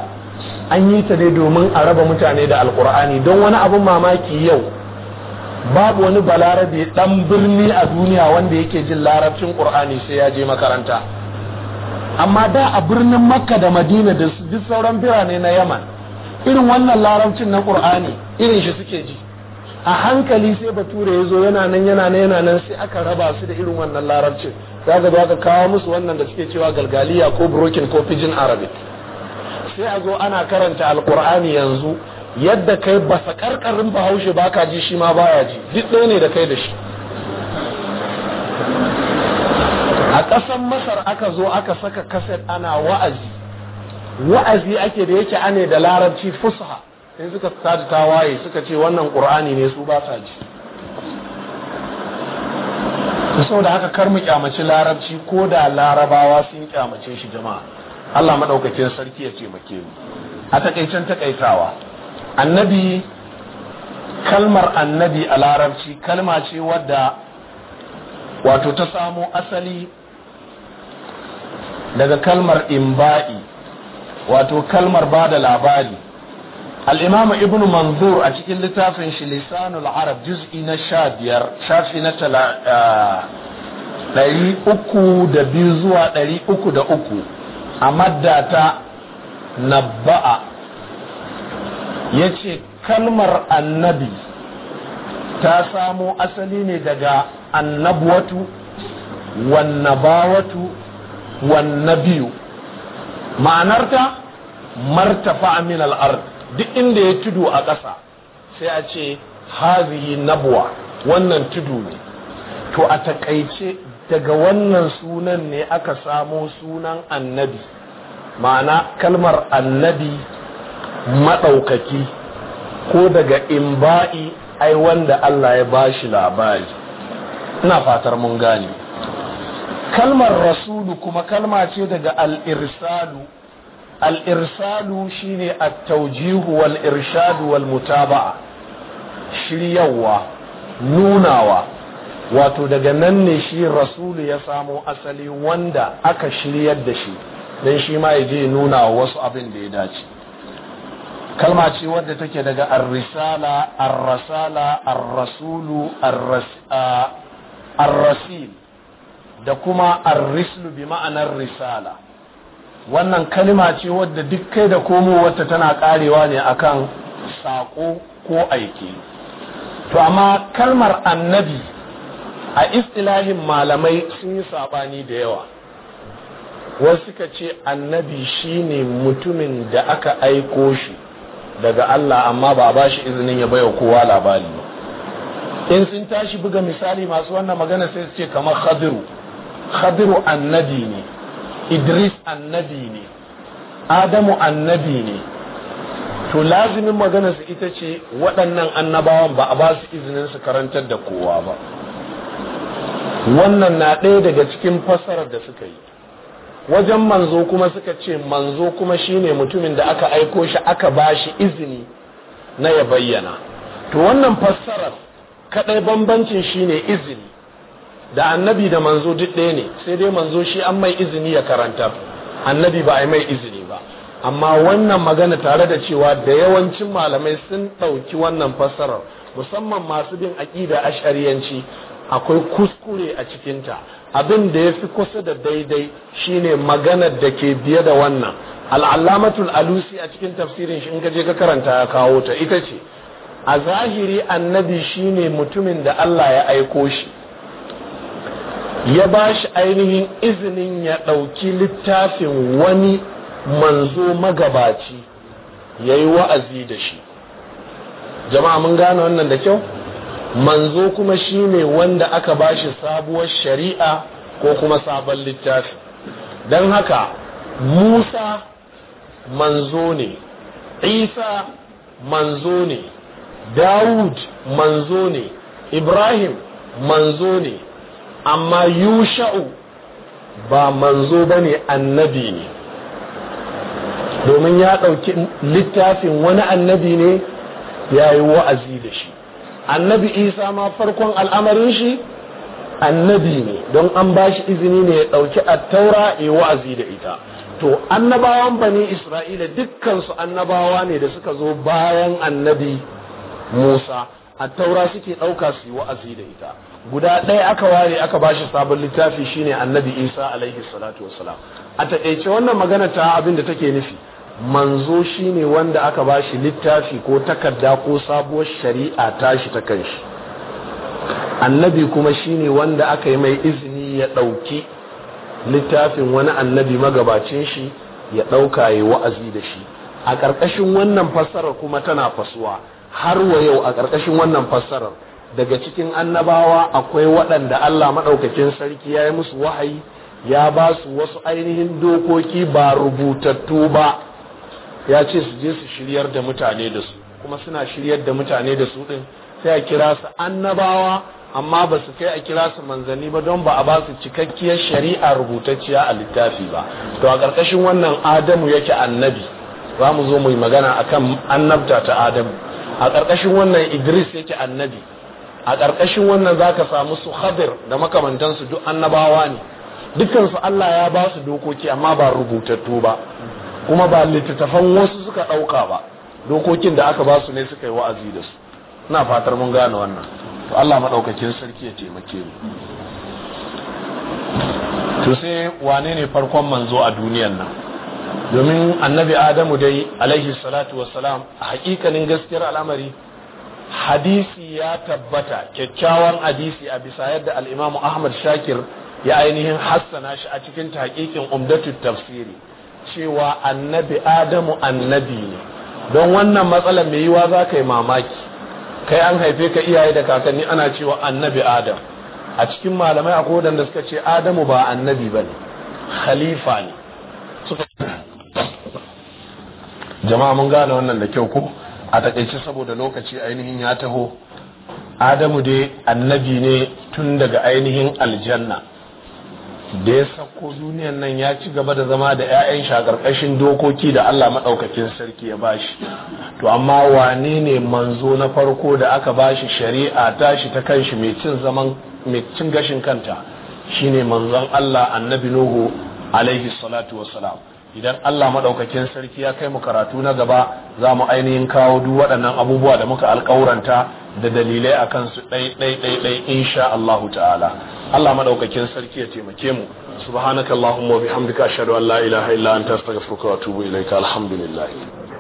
an yi ta ne domin a raba mutane da alkur'ani don wani abin mamaki yau babu wani balarabe ɗan birni a duniya wanda yake jin larabcin ƙur'ani sai ya je makaranta amma da a birnin makka da madina da duk sauran birane na yaman irin wannan larabcin na ƙur'ani irin shi suke ji a hankali sai bature ya zo yana nan yana nan yana nan sai aka raba su da irin wannan larabcin za ka aka kawo musu wannan da suke cewa galgaliya ko brokin ko pidgin arabic sai a zo ana karanta alkur'ani yanzu yadda kai basa karkarin bahaushe ba ka ji shi ma baya ji duk ɗaya ne da kai da shi kasan masar aka zo aka saka kaset ana wa'azi wa'azi ake da yake ane da larabci fusaha. sai suka ta waye suka ce wannan ƙur'ani ne su ba sa ji saboda haka kar mu kyamaci larabci ko da larabawa sun kyamace shi jama'a Allah madaukakin sarki ya ce make mu a takaicen takaitawa annabi kalmar annabi a larabci kalma ce wadda wato ta samo asali daga kalmar imba'i wato kalmar ba da labari Al'Imama ibn manzur a cikin littafin shi lisanul arab juz'i na sha biyar shafi na ɗari uku da biyu zuwa ɗari uku da uku a maddata na ba'a ya ce kalmar annabi ta samo asali ne daga annabuwatu wannabawatu wan biyu, ma'anarta martafa min al duk inda ya tudu a ƙasa sai a ce hazihi nabwa wannan tudu ne to a takaice daga wannan sunan ne aka samo sunan annabi ma'ana kalmar annabi maɗaukaki ko daga imba'i ai wanda Allah ya bashi labari ina fatar mun gane kalmar rasulu kuma kalma ce daga al-irsalu al-irsalu shine at wal irshadu wal mutaba'a shiryawa nunawa wato daga nan ne shi rasulu ya samo asali wanda aka shiryar da shi don shi ma ya je nuna wasu abin da ya dace kalma ce wadda take daga ar-risala ar-rasala ar-rasulu ar-rasil da kuma ar bi ma'anar risala wannan kalima ce wadda duk kai da komo wata tana karewa ne akan sako ko aiki to amma kalmar annabi a istilahin malamai sun yi sabani da yawa wasu suka ce annabi shine mutumin da aka aiko shi daga Allah amma ba ba shi izinin ya baiwa kowa labari ba in sun tashi buga misali masu wannan magana sai su ce kamar khadiru khadiru annabi ne idris annabi ne adamu annabi ne to lazimin su ita ce waɗannan annabawan ba a basu izinin su karantar da kowa ba wannan na ɗaya daga cikin fasarar da suka yi wajen manzo kuma suka ce manzo kuma shine mutumin da aka aiko shi aka ba shi izini na ya bayyana to wannan fassarar kaɗai bambancin shine izini da annabi da manzo duk ɗaya ne sai dai manzo shi an mai izini ya karanta annabi ba a yi mai izini ba amma wannan magana tare da cewa da yawancin malamai sun ɗauki wannan fassarar musamman masu bin aƙida ashariyanci akwai kuskure a cikinta abin da ya fi kusa da daidai shine maganar da ke biye da wannan al'allamatul alusi a cikin tafsirin shi in ka je ka karanta ya kawo ta ita ce a zahiri annabi shine mutumin da Allah ya aiko shi ya ba shi ainihin izinin ya ɗauki littafin wani manzo magabaci ya yi wa'azi da shi jama'a mun gane wannan da kyau manzo kuma shi ne wanda aka ba shi sabuwar shari'a ko kuma sabon littafi don haka musa manzo ne isa manzo ne dawud manzo ne ibrahim manzo ne amma yusha'u ba manzo ba ne annabi ne domin ya ɗauki littafin wani annabi ne ya yi wa'azi da shi annabi isa ma farkon al'amarin shi annabi ne don an ba shi izini ne ya ɗauki attaura ya wa'azi da ita to annabawan bani isra'ila dukkansu annabawa ne da suka zo bayan annabi musa attaura suke ɗauka su yi wa'azi da ita guda ɗaya aka ware aka ba shi sabon littafi shine annabi isa alaihi salatu wassalam a taƙaice wannan magana ta abin da take nufi manzo shine wanda aka ba shi littafi ko takarda ko sabuwar shari'a tashi ta kanshi annabi kuma shine wanda aka yi mai izini ya ɗauki littafin wani annabi magabacin shi ya ɗauka ya wa'azi da shi a ƙarƙashin wannan fassarar kuma tana fasuwa har wa yau a ƙarƙashin wannan fassarar daga cikin annabawa akwai waɗanda Allah maɗaukakin sarki ya yi musu wahayi ya ba su wasu ainihin dokoki ba rubutattu ba ya ce su je su shiryar da mutane da su kuma suna shiryar da mutane da su ɗin sai a kira su annabawa amma ba su kai a kira su manzanni ba don ba a ba su cikakkiyar shari'a rubutacciya a littafi ba to a ƙarƙashin wannan adamu yake annabi za mu zo mu yi magana akan annabta ta adamu a ƙarƙashin wannan idris yake annabi a ƙarƙashin wannan za ka samu su khadir da makamantansu duk annabawa ne dukansu allah ya ba su dokoki amma ba rubutattu ba kuma ba littattafan wasu suka ɗauka ba dokokin da aka ba su ne suka yi wa'azi da su ina fatar mun gane wannan to allah maɗaukakin sarki ya taimake mu to sai wane ne farkon manzo a duniyan nan domin annabi adamu dai alaihi salatu wassalam a hakikanin gaskiyar al'amari hadisi ya tabbata kyakkyawan hadisi a bisa yadda al'imamu ahmad shakir ya ainihin hassana shi a cikin hakikin umdatu tafsiri cewa annabi adamu annabi ne don wannan matsalar mai yiwa za ka yi mamaki kai an haife ka iyaye da kakanni ana cewa annabi adam a cikin malamai akwai wadanda suka ce adamu ba annabi ba ne khalifa ne jama'a mun gane wannan da kyau ko a takaice saboda lokaci ainihin ya taho adamu dai annabi ne tun daga ainihin aljanna da ya sako duniyan nan ya ci gaba da zama da 'ya'yan shi a dokoki da allah maɗaukakin sarki ya bashi to amma wane ne manzo na farko da aka bashi shari'a tashi ta kanshi mai cin gashin kanta shine manzon allah annabi nuhu alaihi salatu wassalam idan Allah maɗaukakin sarki ya kai mu karatu na gaba za mu ainihin kawo duk waɗannan abubuwa da muka alƙauranta da dalilai a kansu ɗai ɗai ɗai ɗai insha Allahu ta'ala Allah maɗaukakin sarki ya taimake mu subhanakallahumma wa bihamdika ashhadu an la ilaha illa anta astaghfiruka wa atubu ilaika alhamdulillah